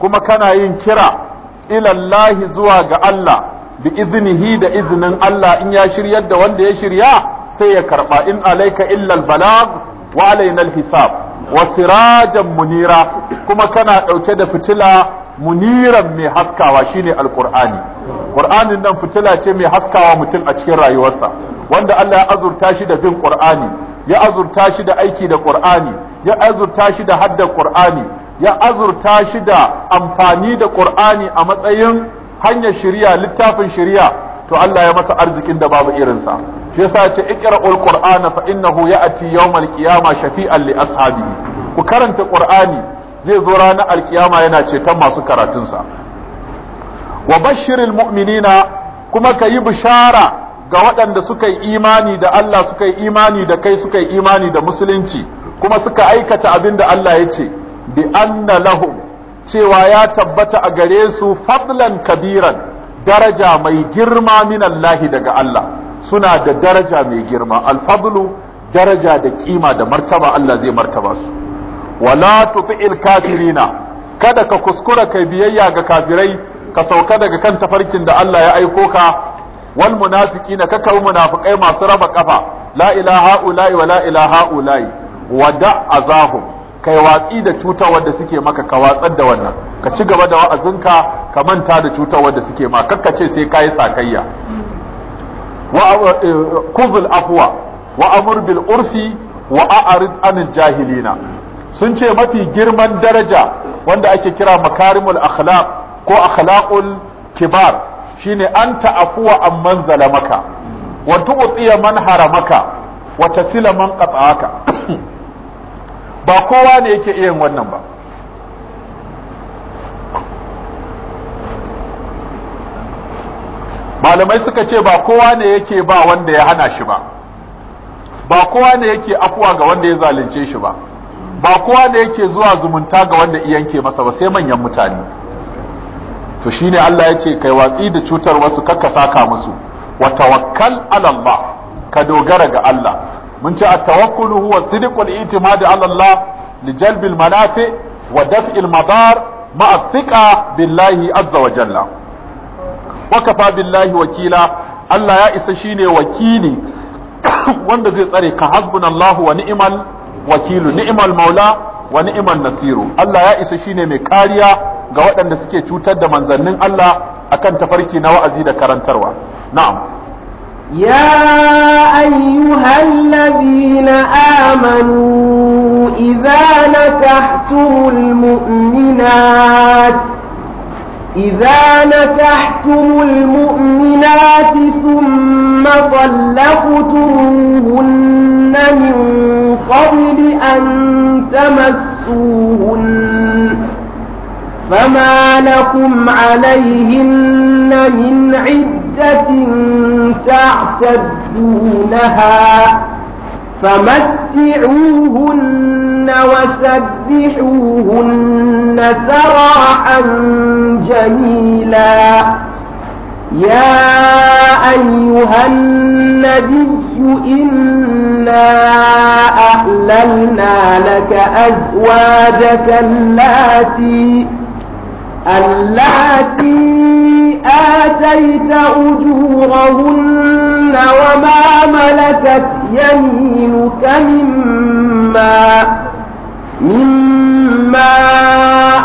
kuma kana yin kira ilallahi zuwa ga Allah bi iznihi da izinin Allah in ya shiryar da wanda ya shirya sai ya karba in alaika illal albalag wa alaina alhisab wa sirajan munira kuma kana dauke da fitila muniran mai haskawa shine alqur'ani qur'anin nan fitila ce mai haskawa mutum a cikin rayuwarsa wanda Allah ya azurta shi da bin qur'ani ya azurta shi da aiki da qur'ani ya azurta shi da hadda qur'ani ya azurta shi da amfani da qur'ani a matsayin hanyar shari'a littafin shari'a to Allah ya masa arzikin da babu irinsa shi yasa ce ikra alqur'ana fa innahu ya'ti yawm alqiyama shafi'an li ashabihi ku karanta qur'ani zai zo ranar alkiyama yana ceton masu karatun sa. wa bashirin mu'minina kuma ka yi bishara ga waɗanda suka yi imani da Allah suka yi imani da kai suka yi imani da musulunci kuma suka aikata abin da Allah ya ce bi anna lahum cewa ya tabbata a gare su fadlan kabiran daraja mai girma min daga Allah suna da daraja mai girma alfadlu daraja da kima da martaba Allah zai martaba su wala tuti'il kafirina kada ka kuskura kai biyayya ga kafirai ka sauka daga kan tafarkin da Allah ya aiko ka wal munafiqina ka kawo munafikai masu raba kafa la ilaha ulai wa la ilaha ulai wada azahum kai watsi da cuta wanda suke maka ka watsar da wannan ka ci gaba da wa'azinka ka manta da cuta wanda suke maka kakkace sai kai sakayya wa uh, uh, kuzul afuwa wa amur bil urfi wa jahilina sun ce mafi girman daraja wanda ake kira makarimul akhlaq ko akhlaqul kibar shine anta afuwa amman zalamaka wa tu'tiya man haramaka wa tasila man qata'aka <coughs> ba kowa ne yake iya wannan ba malamai suka ce ba kowa ne yake ba wanda ya hana shi ba ba kowa ne yake afuwa ga wanda ya zalunce shi ba ba kowa ne yake zuwa zumunta ga wanda iyanke masa ba sai manyan mutane to shine Allah ya ce kai watsi da cutar wasu kakka saka musu wa tawakkal ala Allah ka dogara ga Allah mun ce at-tawakkulu huwa sidqul itimad ala Allah li jalbil manafi wa daf'il madar ma'a thiqa billahi azza wa jalla wa billahi wakila Allah ya isa shine wakili <coughs> wanda zai tsare ka hasbunallahu wa ni'mal wakilu ni'mal maula wa ni'mal nasiru Allah ya isa shine mai kariya ga waɗanda suke cutar da manzannin Allah akan tafarki na wa'azi da karantarwa na'am يا أيها الذين آمنوا إذا نكحتم المؤمنات إذا نكحتم المؤمنات ثم طلقتموهن من قبل أن تمسوهن فما لكم عليهن من عدة تعتدونها فمتعوهن وسبحوهن سراحا جميلا يا أيها النبي إنا أحللنا لك أزواجك اللاتي اللاتي آتيت أجورهن وما ملكت يمينك مما مما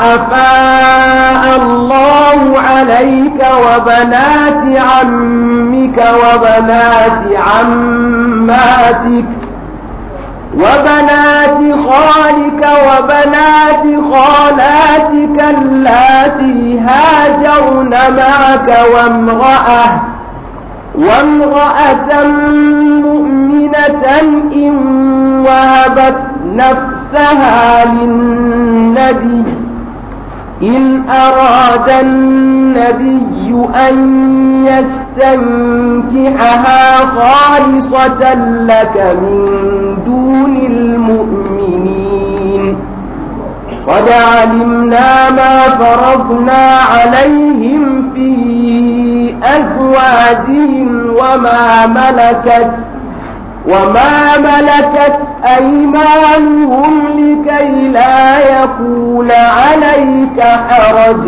أفاء الله عليك وبنات عمك وبنات عماتك وبنات خالك وبنات خالاتك اللاتي هاجرن معك وامرأة وامرأة مؤمنة إن وهبت نفسها للنبي إن أراد النبي أن يستنكحها خالصة لك من قد علمنا ما فرضنا عليهم في أزواجهم وما ملكت وما ملكت أيمانهم لكي لا يقول عليك حرج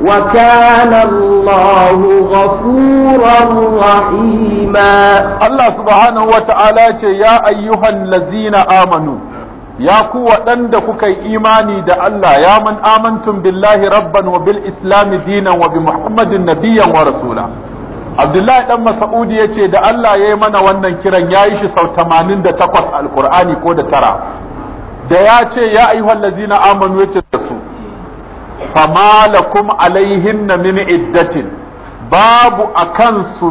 وكان الله غفورا رحيما الله سبحانه وتعالى يا أيها الذين آمنوا ya ku waɗanda kuka yi imani da Allah ya man amantum billahi rabban wa bil islami dinan wa bi muhammadin nabiyyan wa rasula abdullahi dan ya yace da Allah ya yi mana wannan kiran yayi shi sau 88 alqur'ani ko da tara da ya ce ya ayyuhallazina amanu yace da su fama alaihinna min iddatin babu akan su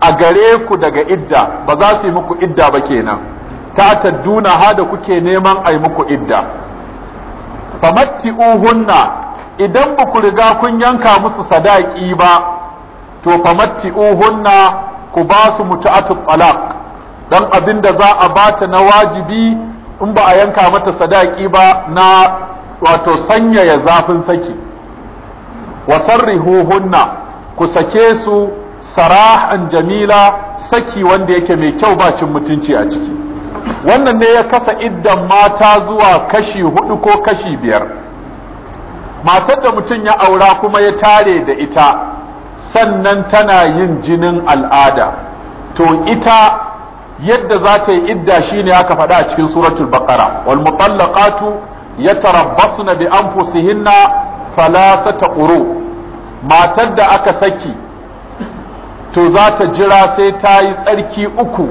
a gare ku daga idda ba za su yi muku idda ba kenan ta tadduna ha kuke neman ai muku idda uhunna, idan ba ku riga kun yanka musu sadaki ba to uhunna ku ba su mutu'atu talaq dan abin da za a bata na wajibi in ba a yanka mata sadaki ba na wato sanyaya zafin saki wasarrihuhunna ku sake su sarahan jamila saki wanda yake mai kyau bacin mutunci a ciki wannan ne ya kasa idan mata zuwa kashi hudu ko kashi biyar matar da mutum ya aura kuma ya tare da ita sannan tana yin jinin al'ada to ita yadda za ta yi idda shi shine aka faɗa a cikin suratul baqara wal mutallaqatu tarabbasuna bi anfusihinna thalathata quru matar da aka saki to za ta jira sai ta yi tsarki uku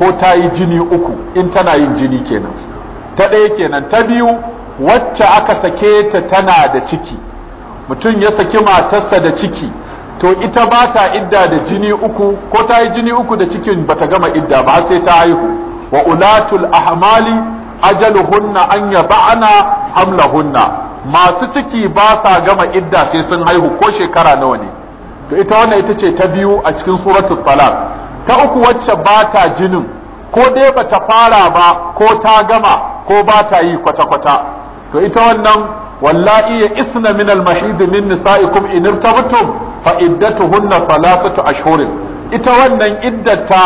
ko ta yi jini uku in tana yin jini kenan ta ɗaya kenan ta biyu wacce aka sake ta tana da ciki mutum ya saki matarsa da ciki to ita ba ta idda da jini uku ko ta yi jini uku da cikin ba ta gama idda ba sai ta haihu wa ulatul ahmali ajaluhunna an yaba'ana hamlahunna masu ciki ba sa gama idda sai sun haihu ko shekara nawa ne to ita wannan ita ce ta biyu a cikin suratul talaq ta uku wacce ba ta jinin ko dai ba ta fara ba ko ta gama ko ba ta yi kwata-kwata to ita wannan wallahi ya isna min al min nisa'ikum in irtabtum fa iddatuhunna thalathatu ashhurin ita wannan iddata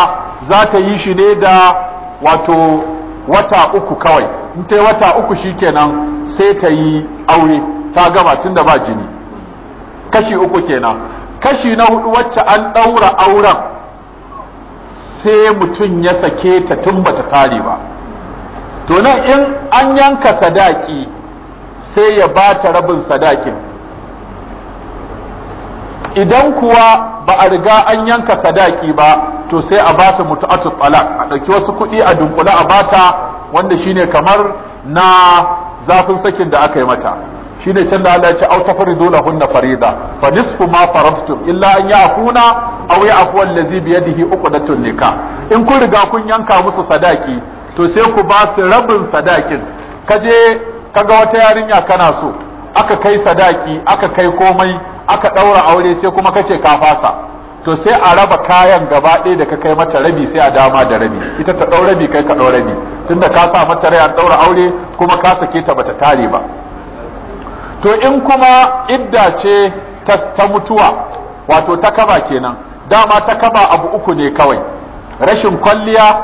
za ta yi shi ne da wato wata uku kawai in ta wata uku shikenan sai ta yi aure ta gama tunda ba jini kashi uku kenan kashi na hudu wacce an daura auren sai mutum ya sake ta tun bata kare ba to nan in an yanka sadaki sai ya ba ta rabin sadakin idan kuwa ba a riga an yanka sadaki ba to sai a ba ta mutu'atu tsala a ɗauki wasu kuɗi a dunkula a bata wanda shine kamar na zafin sakin da aka yi mata shi ne can da Allah ya ce au tafridu lahunna farida fa nisfu ma faradtum illa an ya'funa aw ya'fu allazi bi yadihi uqdatun in kun riga kun yanka musu sadaki to sai ku ba su rabin sadakin kaje kaga wata yarinya kana so aka kai sadaki aka kai komai aka ɗaura aure sai kuma kace ka fasa to sai a raba kayan gaba ɗaya da ka kai mata rabi sai a dama da rabi ita ta ɗau rabi kai ka ɗau rabi tunda ka sa mata rai a ɗaura aure kuma ka sake ta bata tare ba to in kuma idda ce ta mutuwa wato ta kaba kenan dama ta kaba abu uku ne kawai rashin kwalliya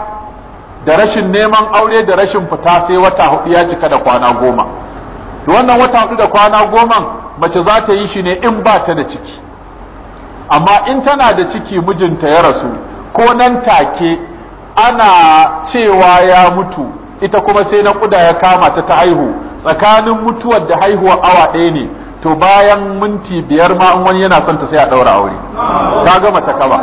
da rashin neman aure da rashin fita sai wata hudu ya cika da kwana goma to wannan wata hudu da kwana goma mace za ta yi shi ne in ba ta da ciki amma in tana da ciki mijinta ya rasu ko nan take ana cewa ya mutu ita kuma sai na kuda ya kama ta ta haihu tsakanin mutuwar da haihuwar awa ɗaya ne to bayan minti biyar ma wani yana son ta sai a ɗaura aure ta gama ta kaba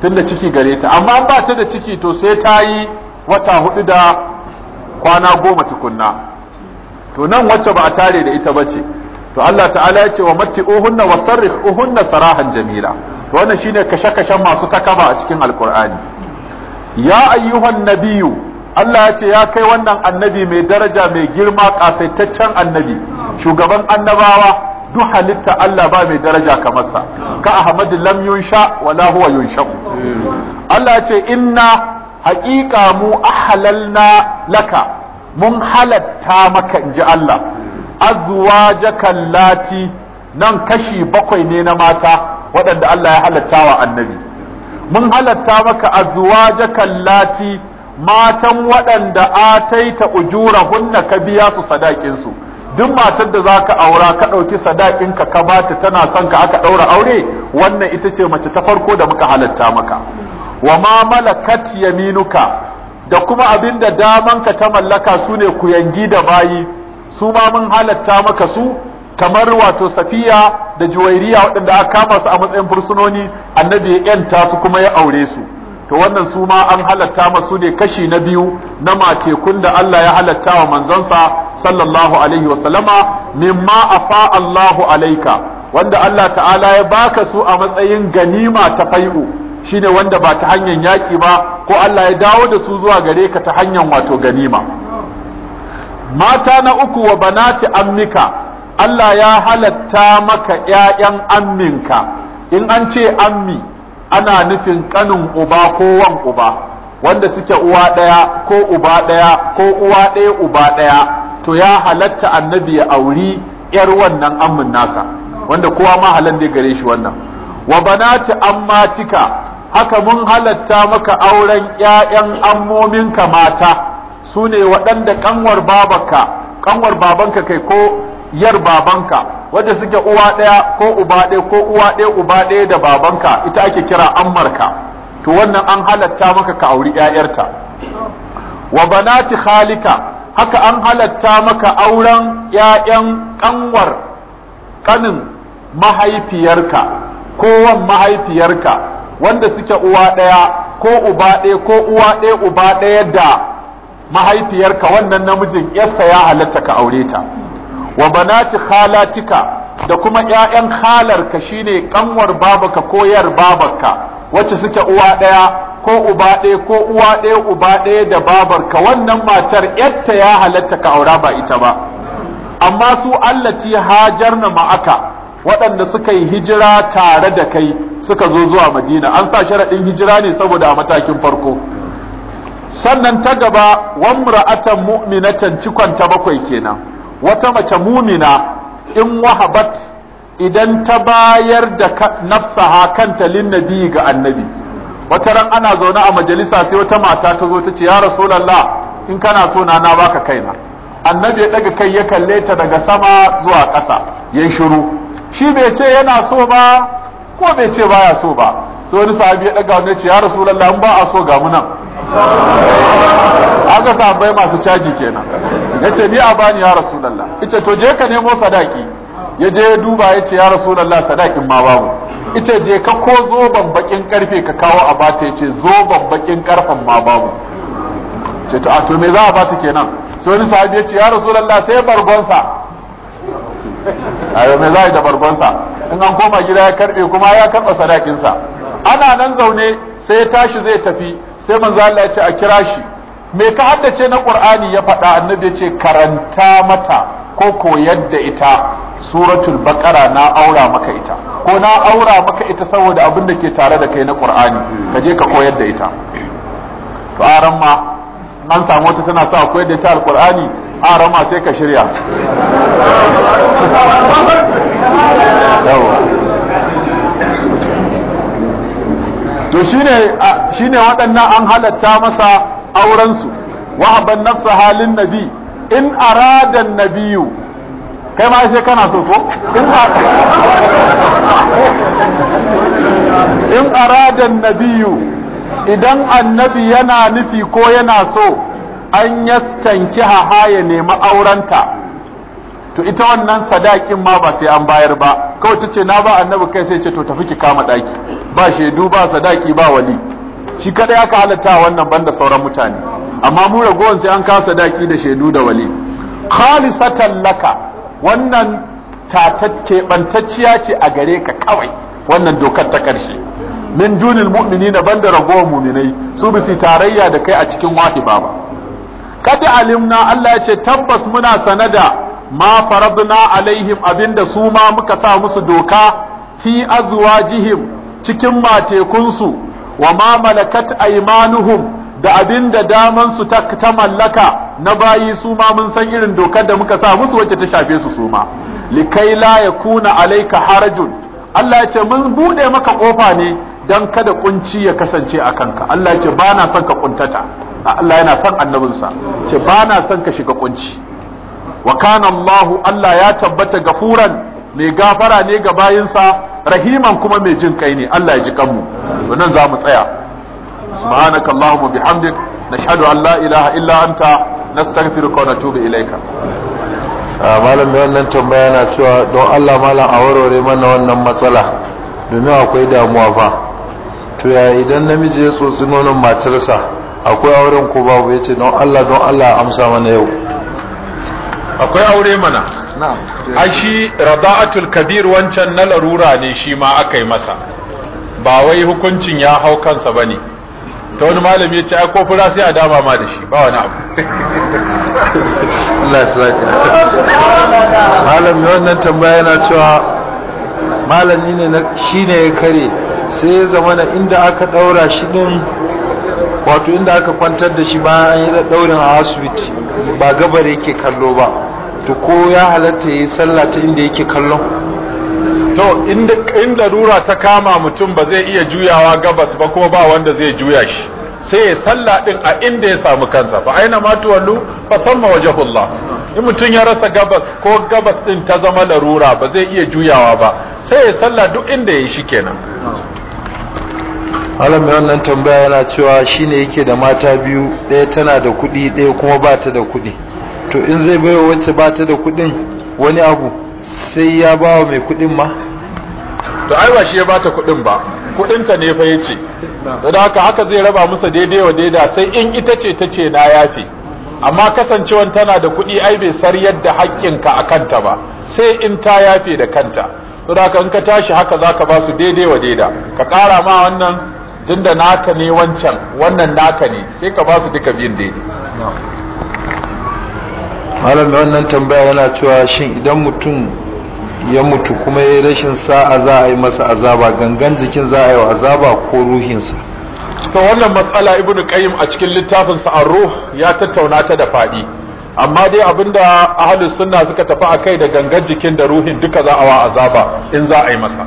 tunda ciki gare ta amma ba ta da ciki to sai ta yi wata hudu da kwana goma tukunna to nan wacce ba a tare da ita ba ce. to Allah ta'ala ya ce wa matti uhunna wa uhunna sarahan jamila to wannan shine kashe-kashen masu takaba a cikin alqur'ani ya ayyuhan nabiyyu Allah ya ce ya kai wannan annabi mai daraja mai girma ƙasaitaccen annabi shugaban annabawa duk halitta Allah ba mai daraja kamar sa ka Ahmad lam yunsha wala huwa yunshaku Allah ya ce inna haƙiƙa mu ahlalna laka mun halatta maka inji Allah azwajaka lati nan kashi bakwai ne na mata waɗanda Allah ya halatta wa annabi mun halatta maka azwajaka lati matan waɗanda a ujura hunna ka biya su sadakinsu, duk matar da za ka aura ka ɗauki sadakin ka ka bata tana son ka aka ɗaura aure wannan ita ce mace ta farko da muka halatta maka wa ma malakat yaminuka da kuma abinda ka ta mallaka su ne yangi da bayi su ma mun halatta maka su kamar wato safiya da juwairiya waɗanda aka kama su a matsayin fursunoni annabi ya yanta su kuma ya aure su to wannan su ma an halatta masu ne kashi na biyu na matekun da Allah ya halatta wa manzonsa sallallahu alaihi wasallama mimma afa Allahu alaika wanda Allah ta'ala ya baka su a matsayin ganima ta fai'u shine wanda ba ta hanyar yaki ba ko Allah ya dawo da su zuwa gare ka ta hanyar wato ganima mata na uku wa banati ammika Allah ya halatta maka ƴaƴan amminka in an ce ammi ana nufin kanin uba ko wan uba wanda suke uwa ɗaya ko uba ɗaya ko uwa ɗaya uba ɗaya to ya halatta annabi ya auri yar wannan ammin nasa wanda kowa ma halan dai gare shi wannan wa banati ammatika haka mun halatta maka auren ƴaƴan ammominka mata su ne waɗanda kanwar babanka kanwar babanka kai ko yar babanka wadda suke uwa ɗaya ko uba ɗaya ko uwa ɗaya uba ɗaya da babanka ita ake kira ammarka to wannan an halatta maka ka auri ƴaƴarta wa banati khalika haka an halatta maka auren ƴaƴan kanwar kanin mahaifiyarka kowan mahaifiyarka wanda suke uwa ɗaya ko uba ɗaya ko uwa ɗaya uba ɗaya da mahaifiyarka wannan namijin yarsa ya halatta ka aure ta wa banati khalatika da kuma ƴaƴan halarka shine kanwar babaka ko yar babarka wacce suke uwa ɗaya ko uba ɗaya ko uwa ɗaya uba ɗaya da babarka wannan matar yatta ya halatta ka aura ba ita ba amma su allati hajarna ma'aka waɗanda suka yi hijira tare da kai suka zo zuwa madina an sa sharaɗin hijira ne saboda a matakin farko sannan ta gaba wa mu'minatan cikon ta bakwai kenan wata mace mumina in wahabat idan ta bayar da nafsaha kanta nabi ga annabi wata ran ana zaune a majalisa sai wata mata ta zo ta ce ya rasulullah in kana so na na baka kaina annabi ya daga kai ya kalle ta daga sama zuwa ƙasa yayi shiru shi bai ce yana so ba ko bai ce baya so ba so wani sahabi ya daga wani ya ce ya rasulullah in ba a so ga mu nan aka sabai masu caji kenan ya ce ni a bani ya rasulallah ita to je ka nemo sadaki ya je ya duba ya ce ya rasulallah sadakin ma babu ita je ka ko zoban bakin karfe ka kawo a bata ya ce zoban bakin karfen ma babu ce ta to me za a bata kenan sai wani sahabi ya ce ya rasulallah sai bargonsa ayo me za a yi da bargonsa in an koma gida ya karbe kuma ya karba sadakinsa ana nan zaune sai ya tashi zai tafi sai manzo Allah ya ce a kira shi me ka haddace na qur'ani ya faɗa annabi ya ce karanta mata ko koyar da ita suratul baqara na aura maka ita ko na aura maka ita saboda abin da ke tare da kai na qur'ani ka je ka koyar da ita to aran ma an samu wata tana sa koyar da ita alqur'ani aran ma sai ka shirya <laughs> to shine shine waɗannan an halatta masa auren su wahaban nafsa halin nabi in arada nabiyu kai ma sai kana so ko in arada nabiyu idan annabi yana nufi ko yana so an yaskanki haha ya nemi aurenta to ita wannan sadakin ma ba sai an bayar ba kawai tace na ba annabi kai sai ce to tafi ki kama daki ba shaidu ba sadaki ba wali shi kada ya halatta wannan banda sauran mutane amma mu ragowar sai an kawo sadaki da shaidu da wali khalisatan laka wannan tatacce bantacciya ce a gare ka kawai wannan dokar ta karshe min dunil mu'minina banda ragowar mu'minai su bisi tarayya da kai a cikin wahiba ba kada alimna Allah ya ce tabbas muna sanada ma farabna alaihim abinda su ma muka sa musu doka fi azwajihim cikin matekunsu wa ma malakat aymanuhum da abinda daman su ta mallaka na bayi su ma mun san irin dokar da muka sa musu wacce ta shafe su su ma likai la yakuna alayka harajun Allah ya ce mun bude maka kofa ne dan kada kunci ya kasance a kanka Allah ya ce ba son ka kuntata Allah yana son annabinsa ce bana son ka shiga kunci wa kana Allahu Allah ya tabbata gafuran mai gafara ne ga bayinsa rahiman kuma mai jin kai ne Allah ya ji kanmu wannan za mu tsaya subhanaka allahumma bihamdik nashhadu an la ilaha illa anta nastaghfiruka wa natubu ilayka ah, malam mai wannan tambaya na cewa don Allah malam a warware mana wannan matsala domin akwai damuwa fa, to ya idan namiji ya tsotsi nonon matarsa akwai auren ko babu yace don Allah don Allah amsa mana yau akwai aure mana a shi rada'atul kabir wancan na larura ne shi ma aka yi masa ba wai hukuncin ya hau kansa ba ne ta wani malami ya ce a ko fura sai a dama ma da shi ba wani abu <laughs> malami wannan tambaya yana cewa malami ne na shi ne ya kare sai ya zama na inda aka daura shi din wato inda aka kwantar da shi bayan an yi daurin a asibiti ba gabar yake kallo ba to ko ya halatta yi sallah ta inda yake kallon to inda inda rura ta kama mutum ba zai iya juyawa gabas ba ko ba wanda zai juya shi sai ya sallah din a inda ya samu kansa fa aina ma tuwallu fa samma wajhullah in mutum ya rasa gabas ko gabas din ta zama larura ba zai iya juyawa ba sai ya sallah duk inda ya shi kenan malam mai wannan tambaya yana cewa shine yake da mata biyu ɗaya tana da kuɗi ɗaya kuma ba ta da kuɗi to in zai baiwa wacce ba ta da kuɗin wani abu sai ya ba wa mai kuɗin ma to ai ba shi ya bata kuɗin ba ta ne fa yace da haka haka zai raba musa daidai wa daida sai in ita ce ta ce na yafe amma kasancewan tana da kuɗi ai bai sar yadda ka a kanta ba sai in ta yafe da kanta to da haka in ka tashi haka zaka ba su daidai wa daida ka ƙara ma wannan tunda naka ne wancan wannan naka ne sai ka ba su duka biyun daidai malam wannan tambaya yana cewa shin idan mutum ya mutu kuma ya rashin sa'a za a yi masa azaba gangan jikin za a yi azaba ko ruhinsa ta wannan matsala ibnu qayyim a cikin littafinsa ar-ruh ya tattauna ta da fadi amma dai abinda ahlus sunna suka tafi a kai da gangan jikin da ruhin duka za a wa azaba in za a yi masa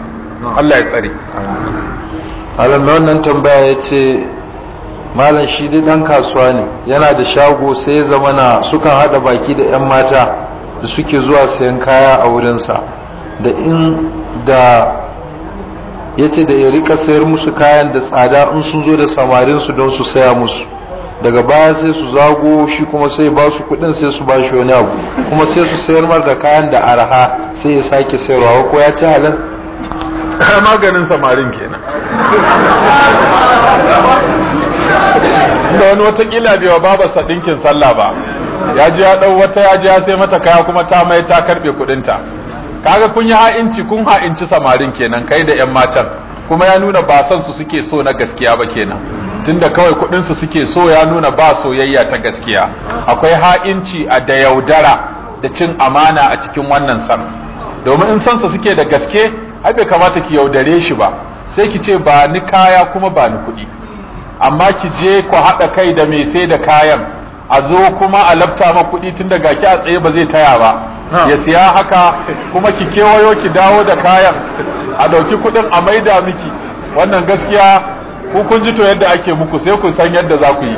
Allah ya tsare alam wannan tambaya yace malam shi dai dan kasuwa ne yana da shago sai ya zama na sukan hada baki da yan mata da suke zuwa sayan kaya a wurinsa da in da ya ce da ya rika sayar musu kayan da tsada in sun zo da samarinsu don su saya musu daga baya sai su zago shi kuma sai ba su kudin sai su ba shi wani abu kuma sai su sayar mar da kayan da araha sai ya sake sayarwa ko ya ci halin. maganin samarin kenan <laughs> don wani watakila bai baba babarsa ɗinkin sallah ba ya ji ya ɗau wata ya ji ya sai mata kaya kuma ta mai ta karɓe kuɗinta kaga kun yi ha'inci kun ha'inci samarin kenan kai da 'yan matan kuma ya nuna ba son su suke so na gaskiya ba kenan tunda kawai kuɗin su suke so ya nuna ba soyayya ta gaskiya akwai ha'inci a da yaudara da cin amana a cikin wannan san domin in su suke da gaske ai bai kamata ki yaudare shi ba sai ki ce ba ni kaya kuma ba ni kuɗi amma ki je ku haɗa kai da mai sai da kayan a zo kuma a lafta ma kuɗi tun daga ki a tsaye ba zai taya ba ya siya haka kuma ki kewayo ki dawo da kayan a ɗauki kuɗin a maida miki wannan gaskiya ku kun ji to yadda ake muku sai ku san yadda za ku yi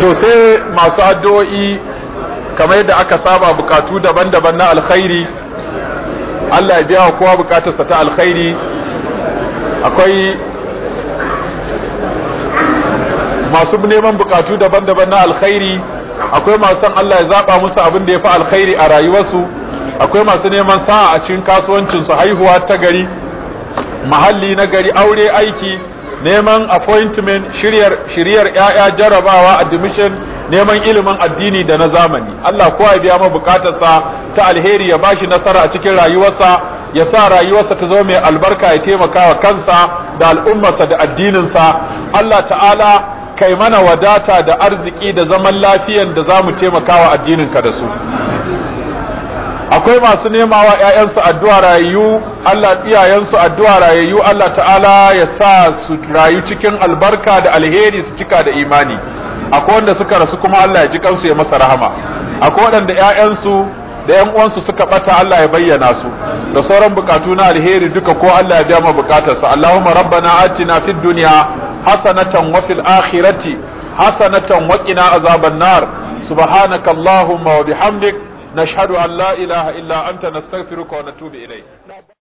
to sai masu addu'o'i kamar yadda aka saba bukatu daban-daban na alkhairi Allah ya biya wa kowa bukatarsa ta alkhairi akwai masu neman bukatu daban-daban na alkhairi akwai masu san Allah ya zaba musu abin da ya fi alkhairi a rayuwarsu akwai masu neman sa'a a cikin kasuwancin su haihuwa ta gari mahalli na gari aure aiki neman appointment shiryar shiryar yaya jarabawa admission neman ilimin addini da na zamani Allah kowa ya biya ma bukatarsa ta alheri ya bashi nasara a cikin rayuwarsa ya sa rayuwarsa ta zama mai albarka ya taimaka wa kansa da al'ummarsa da addininsa Allah ta'ala kai mana wadata da arziki da zaman lafiyan da za mu taimaka wa addininka da su akwai masu nema wa ‘ya'yansu addu'a rayu, Allah iyayensu addu'a rayu, Allah ta'ala ya sa su rayu cikin albarka da alheri su cika da imani, akwai wanda suka rasu kuma Allah ya ji kansu ya masa rahama, akwai waɗanda ‘ya'yansu da yan uwansu suka bata Allah ya bayyana su da sauran bukatu na alheri duka ko Allah ya biya mu bukatarsa Allahumma rabbana atina fid dunya hasanatan wa fil akhirati hasanatan wa qina azaban nar subhanaka allahumma wa bihamdik nashhadu an la ilaha illa anta nastaghfiruka wa natubu ilayk